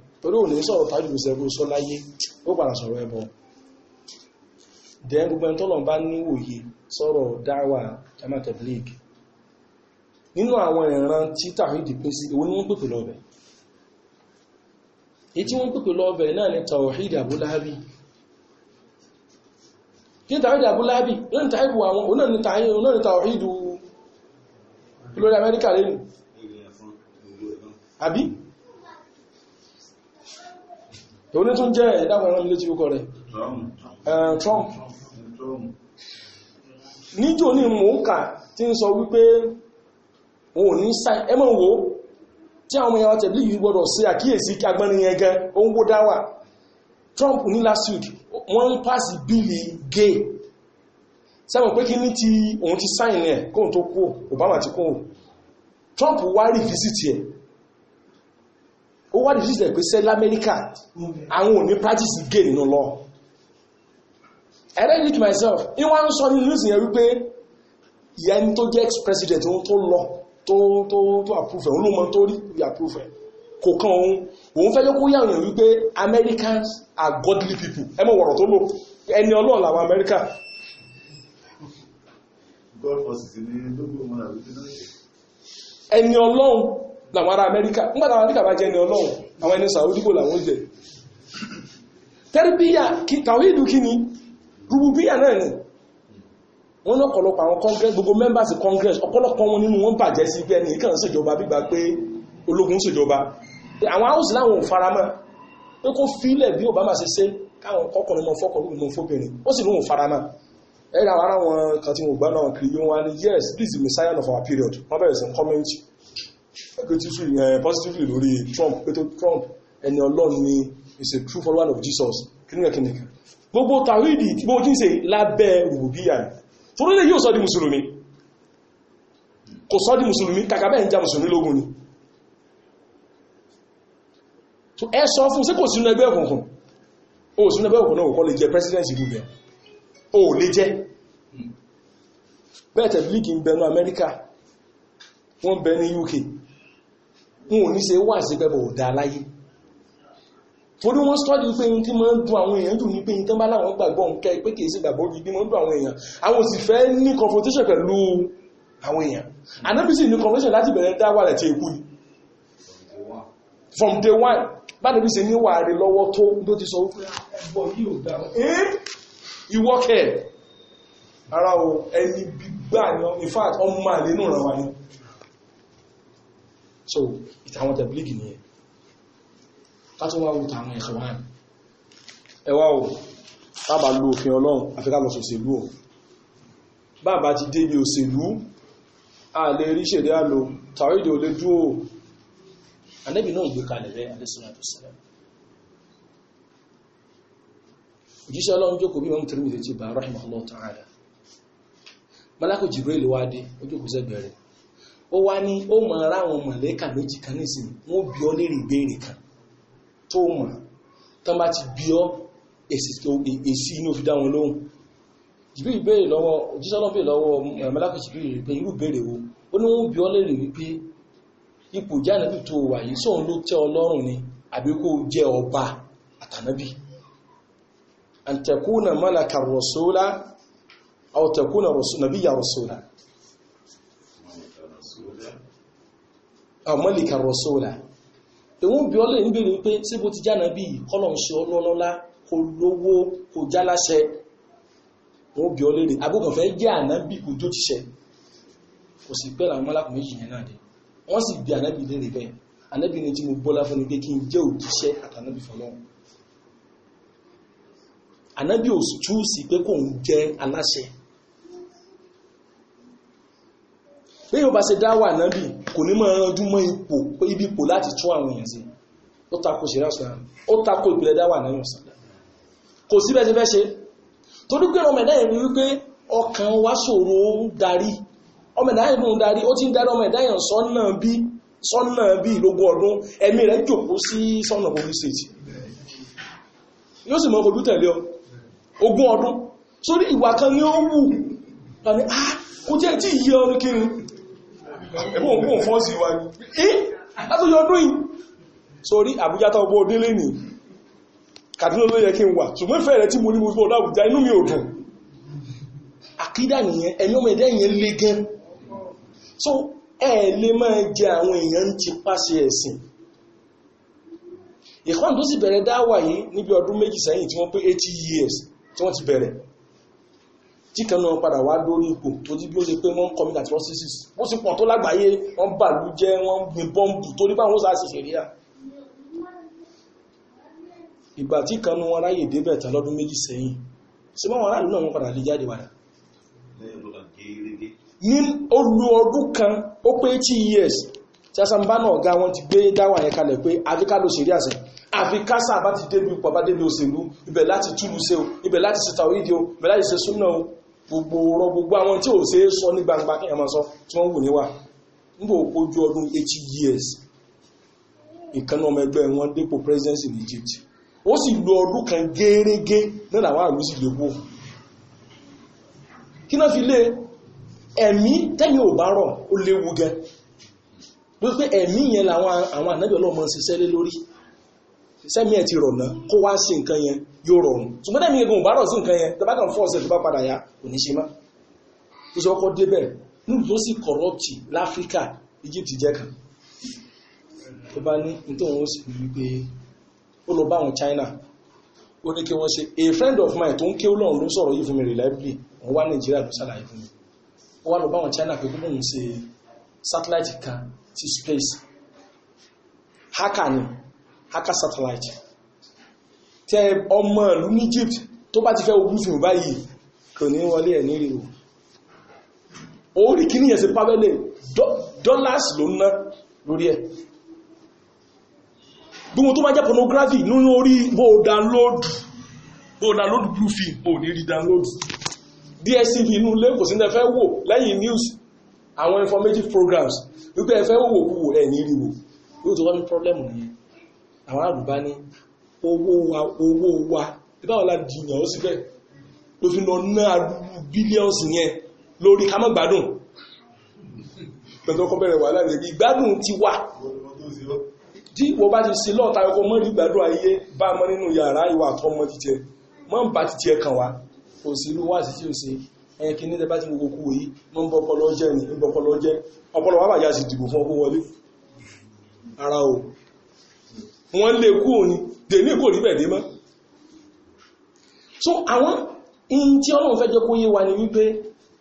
torí òun ní sọ̀rọ̀ tájú ìṣẹ́gun sọ láyé ó padà sọ̀rọ̀ ẹbọ dẹ́n gbogbo ẹni tọ́lọ̀ bá níwòye sọ̀rọ̀ dáwà jamaat league nínú àwọn ìran tí tàwídì pín sí èwo ni wọ́n pèpè lọ́bẹ̀ èyí tí wọ́n pèpè lọ́bẹ̀ náà ni kí àwọn lórí òní tún jẹ́ ìdáwọn ẹran tí ó kọ rẹ̀ Trump níjò ní mọ́ǹkà tí ń sọ wípé òun ní sáì wo tí àwọn èèyàn tẹ̀lé yìí gbọ́dọ̀ sí àkíyèsí kí agbẹ́ni yẹn Trump ní last wọ́n ń pàṣì pé ti òun ti ẹ̀ kóhun tó Obama ti kóhun Trump ó wá di sísẹ̀ pé sẹ́ lamẹ́ríkà àwọn ò practice gay nínú lọ I read myself ìwà ń sọ nínú ìsìn yẹn wípé ìyá ẹni tó jẹ́ ex-president òun tó lọ tó tó tó approve ẹ̀ òun ló mọ tó rí ìyá approve ẹ̀ kò kan òun òun fẹ́ jẹ́ kó yà wọ̀nyẹn wípé Americans are godly people ẹ mọ̀ wọ̀rọ̀ tó lò ẹni ọlọ́run làwọn America. ẹni ọlọ́run làwọn ará amẹ́ríkà nígbà táwọn amẹ́ríkà bá jẹ́ ní ọlọ́run àwọn ẹni sàúdí kò làwọn jẹ tẹ́rìbíyà tàwọn ìlú kí ni rúbùbíyà náà ni wọ́n ní ọ̀pọ̀lọpọ̀ àwọn congress gbogbo members congress ọ̀pọ̀lọpọ̀ wọn nínú wọn bàjẹ́ sí pé ẹni kàn ṣèjọba bí gbà pé ológun ṣèjọba àwọn house láwọn ò faramọ́ pé kó fílẹ̀ bí obama ṣe ṣe káwọn kọkùnrin mọ fọkùnrin mọ fóbìnrin ó sì lóhun faramọ́ ẹ̀rọ àwọn kan tí wọ́n gbá náà kiri wọn ni yes this is the messiah of our period wọ́n bẹ̀rẹ̀ sí kọ́mẹ́ntì Eh, positively lórí Trump pé tó Trump ẹni ọlọ́run ni is a true follower of Jesus kìnnìkìnnìkì gbogbo tàwídì tí bó jí ń ṣe lábẹ́ rùbíyà tó lórí yóò sọ di mùsùlùmí kò sọ di mùsùlùmí kàkà bẹ́ẹ̀ ń já mùsùlùmí lógún ni ẹ sọ fún sí kò sínú ẹgbẹ́ òkùnkùn o sínú ẹgbẹ́ òkùnkùn náà kò lè jẹ president ìlú bẹ̀ o lè jẹ́ bẹ́ẹ̀ tẹ̀bílìkì ń bẹ ní Amẹ́ríkà wọ́n bẹ ní UK wọn ò ní ṣe wà sí pẹ́bọ̀ òdá láyé torí wọ́n sọ́dí pé ní tí máa ń dùn àwọn èèyàn dùn ní pé ní tán bá láwọn gbàgbọ́ ń kẹ́ pé kìí sí gbàgbọ́ orí bí máa ń dùn àwọn èèyàn àwọn òsì fẹ́ ní confrontation pẹ̀lú àwọn èèyàn Ànábì ní confrontation láti bẹ̀rẹ̀ dá wà lẹ́tí ikú from day one bánàbí sì ní wà rí lọ́wọ́ tó ló ti sọ wípé ah, ẹgbọ́ yìí ò dáa ẹ́ eh? ìwọ́ kẹ́ ara o ẹni gbígbà ni in fact ọmọ àlénú ràn wá ni so ìtàwọn tẹ̀blígì nìyẹn kátún wá wo tàwọn ìṣọ̀wọ́n ẹwà o tábà lo òfin ọlọ́run àfikà lọ sòṣèlú o bàbá ti débi òṣèlú a lè rí ṣèdè àlò tàwídì ò lè dúró anẹ́bì náà gbé kalẹ̀ rẹ̀ alẹ́sìnàtòsílẹ̀ òjíṣẹ́ ọlọ́run jókòó bí wọ́n tẹ̀lé mi lè ti bá rahimahullah ta'ala malako jibril wá dé ó jókòó sẹ́gbẹ̀ẹ́ rẹ̀ ó wá ní ó mọ̀ ara àwọn mọ̀lẹ́kà méjì kan nísìn wọ́n bí ọ léèrè ìbéèrè kan tó mọ̀ tán bá ti bí ọ èsì inú fi dá wọn lóhùn jìbìrì béèrè lọ́wọ́ òjíṣẹ́ Ọlọ́run béèrè lọ́wọ́ eh, mẹ́lákà jìbìrì pé irú béèrè wo ó ní wọ́n bí àmọ́lìkà rọ̀sọ́là èwọ́n bí ọlẹ́ ìbéèrè pé tí bó ti jáná bí kọ́lọ̀n ṣe ọlọ́lọ́lá kò lówó kò jáláṣẹ wọ́n bí ọlẹ́ rẹ̀ abúkànfẹ́ jẹ́ ànábì kò jó tíṣẹ́ kò sì pẹ́ làwọn mọ́lákùn méjì yẹn náà dé wọ́n sì bí ànábì lè rí ànábì ni tí mo bọ́lá fún ni pé kí n jẹ́ òjíṣẹ́ àtànábì fọlọ́run ànábì ò túùsì pé kò ń jẹ́ aláṣẹ bí yóò bá ṣe dáwà náàbì kò ní máa ránjú mọ́ ipò ibi ipò láti tún àwọn èèyàn sí ó tako ṣe ráṣọ ó tako ìpìlẹ̀ dáwà náà yàn kò sí bẹ́ẹ̀ fẹ́ ṣe torí pé ọmọ ẹ̀dá wípé ọkàn wa ṣòro ń darí ọmọ ẹ̀dá yẹn ń darí ó ti ń darí ọmọ ẹ̀dá yẹn sọ́nà bí sọ́nà bí ìlógún ọdún ẹ̀mí rẹ̀ jòkó sí sọ́nà Kogi state yóò sì mọ́ ojú tẹ̀lé ọ ogún ọdún sórí ìwà kan ni ó wù ah, ẹ̀wọ̀n kún fọ́ sí wa ẹ́ látọ́jọ́ ọdún yìí sórí Àbújá tó gbọ́ délé ní Kàdúnà ló yẹ kí n wà ṣùgbọ́n ìfẹ́ rẹ̀ tí mo ní mo gbọ́ Àbújá inú mi ò dùn àkídà nìyẹn ẹ̀mí ọmọ ẹ̀dá yẹn le gan so ẹ lè máa jẹ àwọn èèyàn ti pàṣẹ ẹ̀sìn ìkan tó sì bẹ̀rẹ̀ dáwà yìí níbi ọdún méjì sẹ́yìn tí wọ́n years tí wọ́n ti bẹ̀rẹ̀ tí kan náà padà wá lórí ipò tó di bí ó ṣe pé wọ́n ń commit atrocities bó ṣe pọ̀ tó lágbàáyé wọ́n bàlú jẹ́ wọ́n ń gbin bọ́ǹbù torí báwọn ó sáà ṣe rí à ìgbà tí kan nu wọn ráyè débẹ̀ tán lọ́dún méjì sẹ́yìn ṣe báwọn aráàlú náà wọ́n padà lè jáde padà ní olú ọdún kan ó pé 80 years tí asamba náà ga wọn ti gbé dáwà yẹn kalẹ̀ pé àfikà ló ṣe rí àṣẹ àfi kásà bá ti débi pàbá débi òṣèlú ibẹ̀ láti túlù ṣe o ibẹ̀ láti ṣe tàwídìí o ibẹ̀ láti ṣe súnà o gbogbo ọ̀rọ̀ gbogbo àwọn tí ò ṣe sọ ní gbangba kí ẹmọ sọ tí wọ́n wù níwà nígbà òpójú ọdún 80 years ìkanú ọmọ ẹgbẹ́ wọn dépò presidency in Egypt ó sì lo ọdún kan gẹ́rẹ́gẹ́ náà àwọn àrùn sì kí náà fi lé ẹ̀mí tẹ́mi ò bá rọ̀ ó léwu gan ẹ̀mí yẹn làwọn sẹ́mi ẹ̀ ti rọ̀nà kó wá sí nǹkan yẹn yóò rọrùn ṣùgbọ́n tẹ́mi ẹgbẹ́ òbárọ̀ sí nǹkan yẹn tẹ́bá kan fọ́ọ̀sẹ̀ tó bá padà yá kò ní ṣe má tó ṣe ọkọ̀ débẹ̀ nílùú tó sì kọ̀rọ̀pì láfíríkà Egypt jẹ́ kan tó bá ní nítorí wọn sì rí pé ó lọ bá àwọn China ó ní kí wọ́n ṣe a friend of mine tó ń ké lọ́run ló sọ̀rọ̀ yìí fún mi reliably òun wá Nàìjíríà ló ṣàlàyé fún mi ó wá lọ bá àwọn China pé gbogbo òun ṣe satellite kan sí space hacker ni haka satellite tí ọmọ ìlú ní Egypt tó bá ti fẹ́ ogún fìmù báyìí kò ní wọlé ẹ̀ ní ríro orí kí ní ẹ̀sẹ̀ pàbẹ́lẹ̀ dollars ló ń ná lórí ẹ̀ bí wọn tó máa jẹ́ pornography nínú orí bó download bó download blue film bó ní rí download DSTV inú ilé kò sí ní ẹ fẹ́ wò lẹ́yìn news àwọn informative programs wípé ẹ fẹ́ wò wò ẹ̀ ní ríro yóò tó wá ní problem nìyẹn àwọn àdùbá ní owó wa owó wa ìbáwọn la jìyàn ó síbẹ̀ ló fi lọ ná àdúgbò bílíọ̀nsì yẹn lórí ká má gbádùn pẹ̀lú ọkọ̀ bẹ̀rẹ̀ wà láàrin ìgbádùn ti wà tí ìwọ bá ti ṣe lọ́ọ̀ta ọkọ̀ mọ́rí ìgbádùn ayé bá mọ́ nínú yàrá ìwà àtọmọ jíjẹ mọ́ ń bá títí ẹkàn wá kò wà sí tí ó ṣe ẹ̀yìn kí ti gbogbo kú yìí mọ́ ń bọ́ ọpọlọ jẹ́ ọpọlọ wà bàjá sì dìbò fún ọkọ̀ wọlé ara o wọ́n lè kú òní dèní kò rí bẹ̀dé mọ́ so àwọn in tí ọlọ́run fẹ́ jẹ́ kó yé wa ni wípé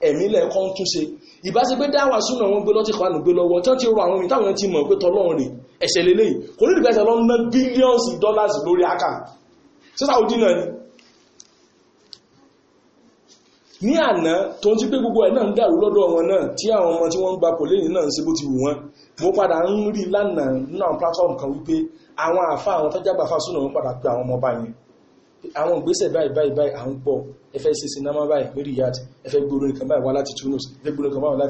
ẹ̀mí lẹ́ẹ̀kan tún ṣe ìbáṣe pé dáwà súnà wọn gbé lọ́tí kan gbé lọ́wọ́ tán ti rọ àwọn ìtàwọn ti mọ̀ pé tọlọ́run rè ẹ̀ṣẹ̀ lélẹ́yìn kò ní ìgbẹ́sẹ̀ lọ́nà billions dollars lórí aka sísà òdì náà ni ní àná tó ń tí pé gbogbo ẹ̀ náà ń dàrú lọ́dọ̀ wọn náà tí àwọn ọmọ tí wọ́n ń gba kò lẹ́yìn náà ń ṣe bó ti wù wọ́n mo padà ń rí lánàá nínú àwọn platform kan wípé àwọn àfa àwọn tọ́jábà fásúnà wọn padà pé àwọn ọmọ báyìí àwọn ìgbésẹ̀ báyìí báyìí báyìí à ń pọ̀ ẹ fẹ́ ṣe sinamá báyìí lórí Riyadh ẹ fẹ́ gbóòrò nìkan báyìí wá láti Tunis ẹ fẹ́ gbóòrò nìkan báyìí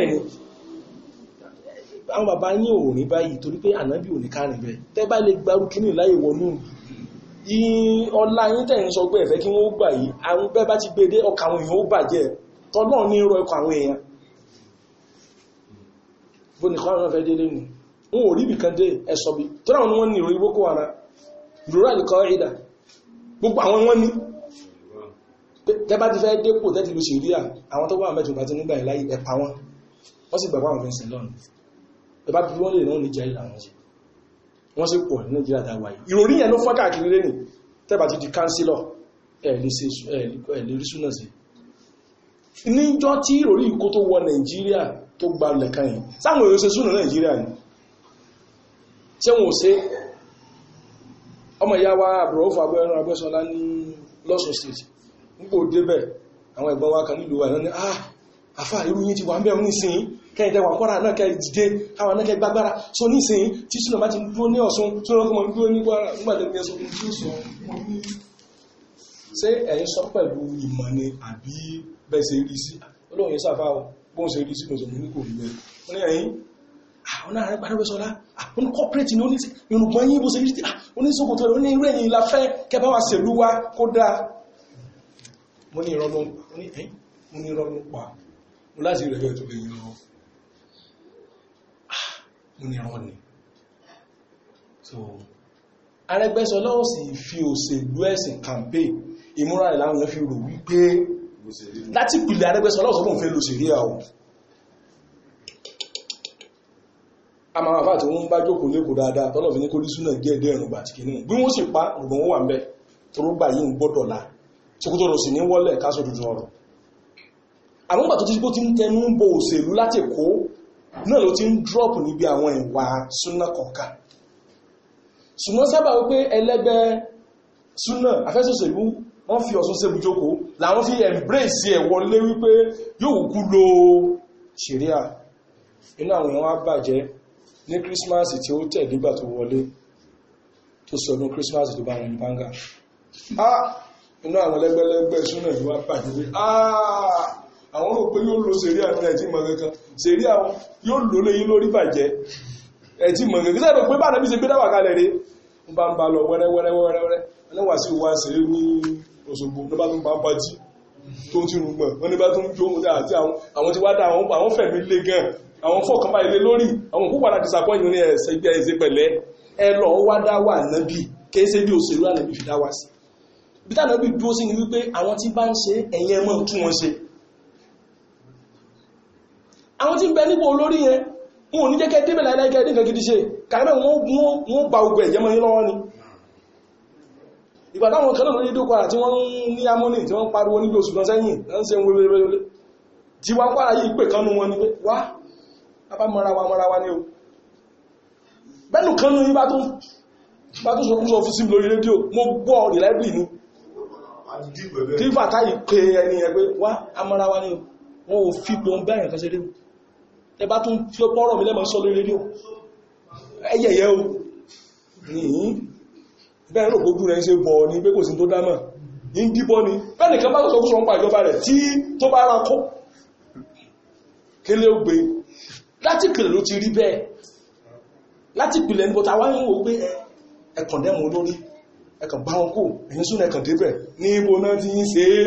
láti àwọn bàbá yín ò rìn báyìí torí pé ànábì ò ní kárìn bẹ́ẹ̀ tẹ́ bá lè gbarú kínní láyè wọnú yín ọlá yín tẹ̀yìn sọ pé ẹ̀fẹ́ kí wọ́n gbà yìí àwọn bẹ́ẹ̀ bá ti gbé dé ọkà àwọn èèyàn ó bàjẹ́ tọ́lọ́ ní rọ ikọ̀ àwọn èèyàn bó ní kọ́nà fẹ́ délé nù ń ò rí ibìkan dé ẹ̀sọ́ bí tọ́lá wọn ni wọ́n ní ìròyìn boko haram ìrora ìkọ́ ìdà gbogbo àwọn wọn ní tẹ́ bá ti fẹ́ dépò tẹ́tì lu ṣèríà àwọn tó wà mẹ́tò bá ti nígbà ìláyè ẹ̀pà wọn wọ́n sì gbàgbọ́ àwọn fẹ́sẹ̀ lọ́nà ẹbá bí wọ́n lè náà ní jẹ́ ìlànà sí wọ́n sì pọ̀ ní Nàìjíríà dáwà yìí ìròrí yẹn ló fọ́n káàkiri lẹ́nì tẹ́bà ti di kánsílọ̀ ẹ̀lẹ́rí súnà sí níjọ́ tí ìròrí ikú tó wọ Nàìjíríà tó gba lẹ̀kan yìí sáwọn èèyàn ṣe súnà Nàìjíríà ni ṣé wọn ò ṣe ọmọ ìyá wa àbúrò fún abẹ́rẹ́ abẹ́sọlá ní lọ́sùn state nígbò débẹ̀ àwọn ẹ̀gbọ́n wa kan nílùú wa náà ni ah àfà irú yín ti wà ń bẹ̀rún nísìnyí kẹ́ẹ̀dẹ̀ wà kọ́ra náà kẹ́ ìdìde káwọn náà kẹ́ gbágbára sọ ní ìsìn tí sínú bá ti dúró ní ọ̀sán tí ó lọ́kọ́ mọ̀ dúró ní gbára nígbàtẹ̀ ni àbí bẹ́ẹ̀ ṣe rí sí ọlọ́run yẹn sáfà bóun ṣe rí sí kò sọ mú ní kò rí bẹ́ẹ̀ wọ́n ní ẹ̀yin àwọn ah, ààrẹ gbàdọ́gbẹ́ sọ́lá àwọn ah, kọ́pẹ́tì ní oníṣẹ́gbọ́n yìí bó ṣe rí sí oníṣòkòtò ah, wa kó dáa mo ní ìrọ̀lọ́ pa mo láti rẹ̀ bẹ́ẹ̀ tó mo ní ẹ̀rọ ni so Arẹ́gbẹ́ṣọlá ò sì fi òṣèlú ẹ̀sìn campaign ìmúra rẹ̀ láwọn fi rò wípé láti pìlẹ̀ Arẹ́gbẹ́ṣọlá ò sọ fún òfin lòṣèré àwọn a máa fà tí wọ́n bá jókòó lẹ́kọ̀ọ́ dáadáa tọ́lọ̀ fi ní kó dísú náà díẹ̀ díẹ̀ rùgbà tìkì nínú bí wọ́n sì pa rùgbọ̀n wọ́n wà ń bẹ́ torúgbà yìí ń gbọ́dọ̀ la sokoto rò sì ní wọ́lẹ̀ káṣọ tuntun ọ̀rọ̀ àmúgbà tó ti kó ti ń tẹnu ń bo òṣèlú láti kó náà ló ti ń drop níbi àwọn ìwà súnà kọ̀ọ̀kan ṣùgbọ́n sábà wípé ẹlẹ́gbẹ́ súnà afẹ́sọ̀sẹ̀lú wọ́n fi ọ̀sún sí ibùjókòó làwọn fi embrace ẹ̀ wọlé wípé yóò kú lo ṣẹ̀ríà inú àwọn èèyàn wá bàjẹ́ ní Christmas tí ó tẹ̀ nígbà tó wọlé tó sọdún Christmas tó bá wọn ní banga ah! inú àwọn lẹ́gbẹ́lẹ́gbẹ́ súnà ìlú wá bàjẹ́ ah! àwọn rò pé yóò lo sèrí àwọn ẹ̀tí mọ̀ kankan sèrí àwọn yóò lò léyìn lórí bàjẹ́ ẹ̀tí mọ̀ kankan sẹ́rọ pé bára bí ṣe gbé dáwà kalẹ̀ rí ń bá ń bá lọ wẹ́rẹ́wẹ́rẹ́wẹ́rẹ́ ni bá tún jó múlẹ̀ àti àwọn tí wá dá àwọn fẹ̀mí lé gan àwọn fọ́ọ̀kan bá ilé lórí àwọn òkú padà disappoint ní ẹ̀sẹ̀ ibi ẹ̀sẹ̀ pẹ̀lẹ́ ẹ lọ wá dá wà nábì kéése bí òṣèlú ànábì fi àwọn tí ń bẹ nípò olórí yẹn wọn ò ní jẹ́ kẹ́ débẹ̀ láìláì kẹ́ nǹkan gidi ṣe kàrẹ́ wọn gba ogun ẹ̀jẹ̀ mọ́ yín lọ́wọ́ ni ìgbà táwọn kan náà lórí dókò àti wọ́n ní amóní tí wọ́n pariwo níbi oṣù kan sẹ́yìn mara wa mara wa ni o bẹ́nu kánú yí bá tó sọ fún sí lórí mo gbọ́ rìlẹ́bì ní tí fàtà yìí pé ẹni ẹgbẹ́ wá amara wa ni o wọn ò fi gbọ́n bẹ́ẹ̀ kan ṣe rédíò tẹbá tún fi ọpọ́rọ̀ mi lẹ́mọ̀ sọ lórí rédíò ẹyẹyẹ o nìyí bẹ́ẹ̀ rò gbogbo rẹ̀ ń ṣe bọ̀ ní pé kò sí tó dámọ̀ ní dípọ́ ni bẹ́ẹ̀ni kan bá sọ fún sọ́npa ìjọba rẹ̀ tí tó bá rán kó kélé ó gbé láti pìlẹ̀ ló ti rí bẹ́ẹ̀ láti pìlẹ̀ níbo tàwa ń wo pé ẹ̀kàn dẹ́mu olórí ẹ̀kàn bá wọn kò ẹ̀yìn sún ẹ̀kàn débẹ̀ níbo náà ti ń ṣe é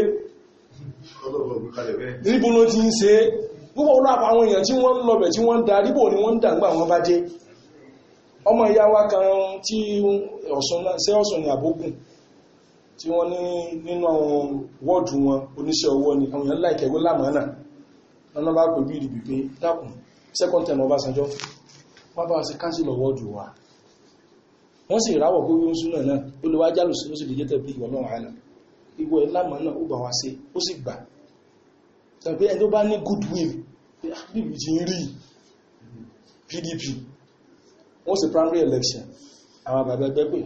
níbo náà ti ń ṣe é púpọ̀ ọlọ́pàá àwọn èèyàn tí wọ́n ń lọ́bẹ̀ tí wọ́n ń darí bò ní wọ́n ń dàgbà wọn bá dé ọmọ ìyá wa kan tí ọ̀sùn ní àbógùn tí wọ́n ní nínú àwọn wọ́ọ̀dù wọn oníṣẹ́ ọwọ́ ni àwọn èèyàn láìkẹ́ wọ́n lámàánà lọ́nà bá pè bí ìdìbì pé dákùn second term Ọbásanjọ́ wọ́n bá sí káńsìlọ̀ wọ́ọ̀dù wa wọ́n sì ráwọ̀ pé wọ́n súnà náà olùwà jálù sí ó sì gbà tàbí ẹni tó bá ní goodwill bíbí ah, ti ń rí PDP wọ́n sì primary election àwọn bàbá ẹgbẹ́ pè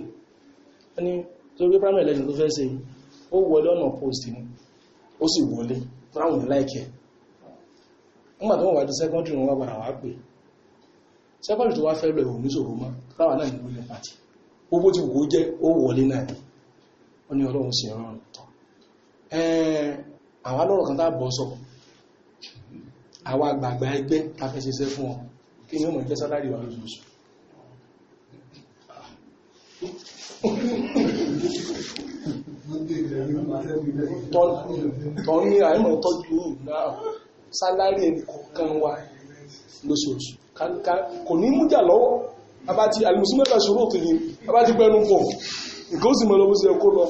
wọ́n ní tó gbé primary election tó fẹ́ ṣe ó wọlé ọ̀nà post ni ó sì wọlé láwọn ìláìkẹ́ nígbà tó wọ́n wá di secondary wọn wá padà wá pè secondary tó wá fẹ́ lọ ìwòmí sòrò mọ́ táwa náà ìlú ilẹ̀ pàtì gbogbo ti wò ó jẹ́ ó wọlé náà ni wọ́n ní ọlọ́run sì rán ọ̀tọ̀ àwọn alọ́rọ̀ kan tá bọ́ sọ àwọn àgbààgbà ẹgbẹ́ tafẹ́ ṣiṣẹ́ fún wọn kí ni ó mọ̀ jẹ́ sálárì wà lóṣooṣù tọ́ní àìmọ̀ tọ́jú náà sálárì ẹnìkọ̀ọ̀kan wa lóṣooṣù kò ní mújà lọ́wọ́ abájí alìmùsùmẹ́ta ṣòro tó ní abájí pẹ́nu pọ̀ ìkóòsì mọ́ lọ́wọ́ sí ẹkó lọ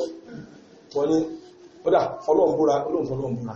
wọ́n ni ó dà ọlọ́run búra ọlọ́run fọ́lọ́run búra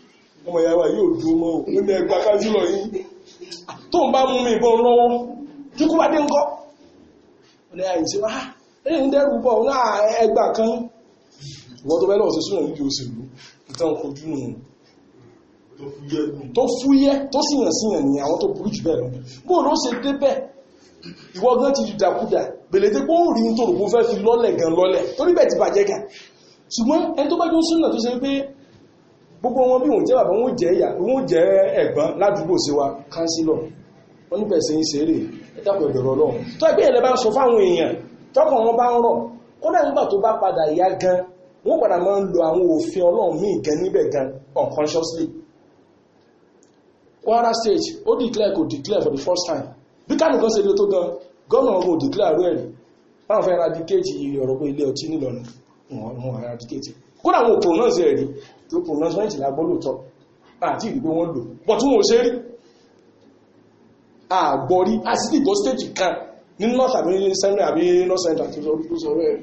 ọmọ ìyá wa yóò dúró mọ́ òun nínú ẹgbà kájú lọ yín tó ń bá mú mi ìbọn lọ́wọ́ kíkú bá dé ń kọ́ ọ̀nà àyè sí wá ẹ̀yìn dẹ́rù bọ̀ ọ̀nà ah, ẹgbà kan ìwọ́n tó bẹ́lọ̀ sí súnà nídìí òṣèlú ìtàn kojú nù tó fúyẹ́ tó síyàn síyàn ní àwọn tó burú jù bẹ́ẹ̀ lọ bó ló ṣe débẹ̀ ìwọ gan ti dìdàkudà bèlèdé pé ó rí nítorí kó fẹ́ fi lọ́lẹ̀ gan lọ́lẹ̀ torí bẹ́ẹ̀ ti bàjẹ́ gan ṣùgbọ́n ẹni tó bá jó súnà tó ṣe pé gbogbo wọn bí wọn jẹ́ bàbá wọn jẹ́ ìyá wọn jẹ́ ẹ̀gbọ́n ládùúgbò sí wa kánsílọ̀ wọn níbẹ̀ sí ń ṣeré ẹ̀dàpọ̀ ìbẹ̀rọ̀ lọ tó ẹgbẹ́ ìlẹ̀ bá ń sọ fáwọn èèyàn tọ́kàn wọn bá ń rọ̀ kódà nígbà tó bá padà yá gan wọn padà máa ń lo àwọn òfin ọlọ́run míì gan níbẹ̀ gan unconsciously Kwara State ó declare kò declare for the first time bí kánù kan ṣe lè tó gan gómìnà ọgbọ̀n declare rẹ̀ báwọn fẹ́ eradicate ọ̀rọ̀ pé ilé ọtí nílọrin wọn eradicate kódà wọn pronounce ẹ̀rí tó pronouncement lágbọ́lòtọ́ àti ìrìgbé wọn lò bọ̀ tí wọ́n ṣe rí àgbọ̀rí àsìdìgbò stage kan ní north àbí central àbí north central tó sọ rẹ̀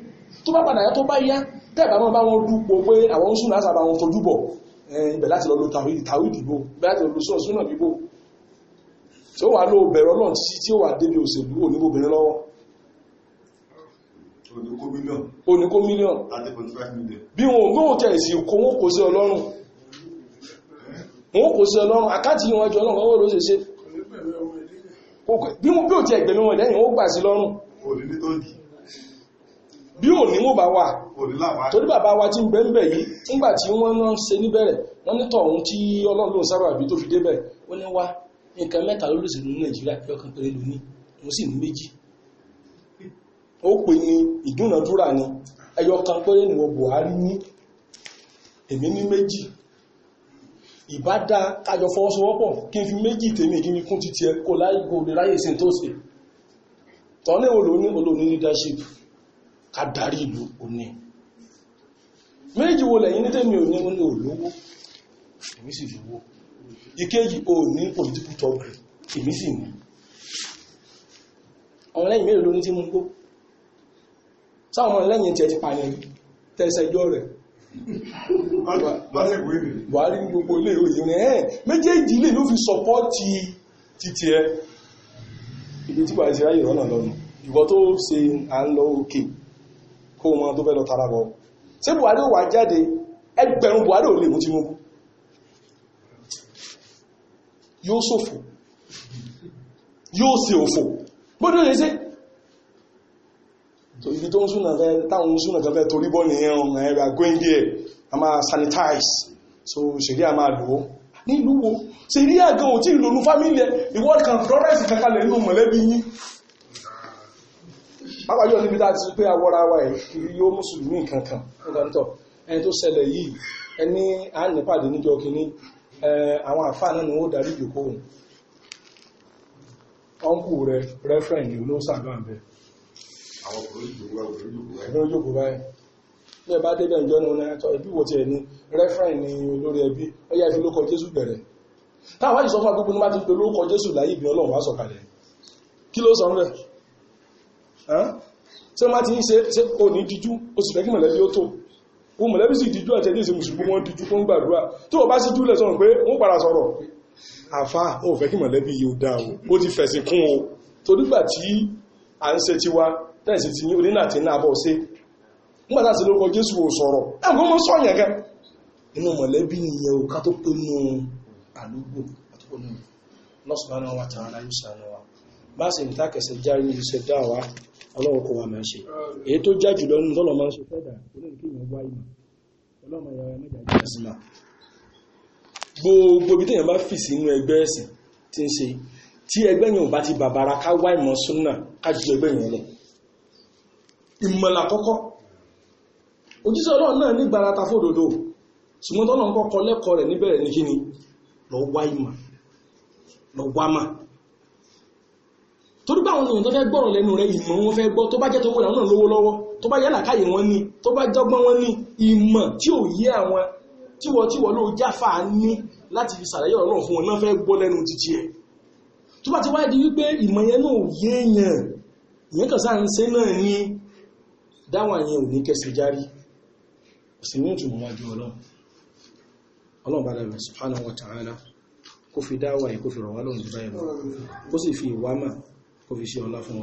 tó bá padà yá tó bá yá tẹ́ẹ̀bà mọ́ bá wọn dúpọ̀ pé àwọn sùn láti àbá wọn fojú bọ̀ ibẹ̀ láti lọ lo tàwí ìdìbò ibẹ̀ láti lọ lo sọ́ọ̀sùn náà dìbò tí ó wà lóò bẹ̀rọ lọ́n tí ó wà débi òṣèlú òníbòbìnrin lọ́wọ́ oníkó mílíọ̀n oníkó mílíọ̀n bí wọn ò gbóhùn tẹ̀ sí kó wọn kò sí ọlọ́run wọn kò sí ọlọ́run àkáàtì wọn jọ ọlọ́run wọn ló ṣe ṣe bí wọn bí ò tẹ̀ ẹgbẹ̀mí wọn lẹ́yìn wọn gbà sí lọ́rùn bí ò ní wọ́n bá wà torí bàbá wa tí ń bẹ ń bẹ yìí nígbà tí wọ́n ń ṣe níbẹ̀rẹ̀ wọ́n ní tọ̀hún tí ọlọ́run ló ń sábà bí tó fi débẹ̀ ó ní wá nǹkan mẹ́ta lóríṣìí ní nàìjíríà pé ọkàn péré lóní wọ́n sì ní méjì ó pè ní ìdúnàdúrà ni ẹyọ kan péré ni wọ́n Buhari ní èmi ní méjì ìbá dá kájọ fọwọ́sowọ́pọ̀ kí n fi méjì tèmi kí n kún títí ẹ kó lè ráyè sí tó sì tọ́lé olóní olóní leadership ká darí ìlú òní méjì wo lẹ́yìn ní tèmi òní ní olówó èmi sì lówó ìkéjì o political talk èmi sì ní ọmọlẹ́yìn mélòó ní tí mú gbó sáwọn ọmọ lẹ́yìn tí ẹ ti pààyàn tẹ́sẹjọ́ rẹ̀ buhari ní gbogbo ilé ìròyìn rẹ̀ ẹ̀ méjèèjì lè ló fi sọpọ́ọ̀tì títí ẹ ibi tí buhari ti ráyè rọ́nà lọ́nu ìwọ tó ṣe à ń lọ òkè kó wọn tó fẹ́ lọ tara bọ̀ ṣé buhari ò wá jáde ẹgbẹ̀rún buhari ò lè mú Tinubu yóò ṣòfò yóò ṣe òfò gbọ́dọ̀ lè ṣe so ibi tó ń súnà fẹ́ táwọn súnà kan fẹ́ torí bọ́ nìyẹn ọ̀nà ẹ̀rọ going there a máa sanitize so ṣèrí a máa lò ó nílùú wo ṣèrí àgàn ò tí ì lòlú fámílì ìwọ kan florence kankan lè nínú mọ̀lẹ́bí yín pápájọ níbi tá a ti pé awọ́ra wa ẹ̀ kiri yóò mùsùlùmí kankan nígbàtọ̀ ẹni tó ṣẹlẹ̀ yìí ẹni à ń nípàdé níjọ kìíní àwọn àfáà náà ni ó darí ìjòkó òun ọ̀nkù rẹ̀ rẹ́fẹ̀rẹ̀ ni ló àwọn olójòkó báyìí ní ẹ̀bá débẹ̀ ìjọ ní ọ̀nà ẹbí wò ti ẹ̀ ní rẹ́fẹ́rìn ní olórí ẹbí ọya ìfi lókọ Jésù bẹ̀rẹ̀ táwọn ìsọ fún agbógbó ní bá ti pè lókọ Jésù láyé ìbí Ọlọ́run wá sọ̀kalẹ̀ kí ló sọ ń rẹ̀ tí wọ́n ti ń ṣe ṣe ò ní díjú ó sì fẹ́ kí mọ̀lẹ́bí ó tó o mọ̀lẹ́bí sì díjú àti ẹ̀dí ìsinmùsùlùmí wọn díjú tó ń gbàdúrà tẹ́ẹ̀sì ti onínà tí náà bọ́ sí nígbàtà sí lórúkọ Jésù ò sọ̀rọ̀ ẹgbẹ́ mọ́ sọ yẹn gan inú mọ̀lẹ́bí nìyẹn ò ká tó pé nù àlúgbò àtúkò nù lọ́sùnmọ́ wa tààrà yóò sànù wa bá sì ń tákẹsẹ̀ járe iṣẹ́ dá wa ọlọ́run kò wà máa ṣe èyí tó já jùlọ nínú tọ́lọ̀ máa ń ṣe fẹ́dà olóòkèèyàn wá ìmọ̀ ọlọ́run ẹ̀yà mẹ́jà jẹ́ àsìmá gbogbo ibi téèyàn bá fì ẹgbẹ́ yẹn ò bá ti bàbára ká wá ìmọ̀ súnà ká jù ẹgbẹ́ yẹn lẹ̀ ìmọ̀lá kọ́kọ́ òjíṣẹ́ ọlọ́run náà ní gbarata fòdòdó ṣùgbọ́n tọ́nà ń kọ́kọ́ lẹ́kọ̀ọ́ rẹ̀ níbẹ̀rẹ̀ ní kíni lọ wá ìmọ̀ lọ wá mà torí báwọn èèyàn tó fẹ́ gbọ́rọ̀ lẹ́nu rẹ̀ ìmọ̀ wọn fẹ́ gbọ́ tó bá jẹ́ tó wọ́n náà lówó lọ́wọ́ tó bá yẹ́ làkáyè wọn ní tó bá jọgbọ́n wọn ní ìmọ̀ tí ò yé àwọn tíwọ́ tíwọ́ ló jáfà ní dáwọn yẹn ò ní kẹsì járí ìsinmi tún mọ́ wájú ọlọ́run ọlọ́run bá dáwọn subhanahu wa fi fi fi fi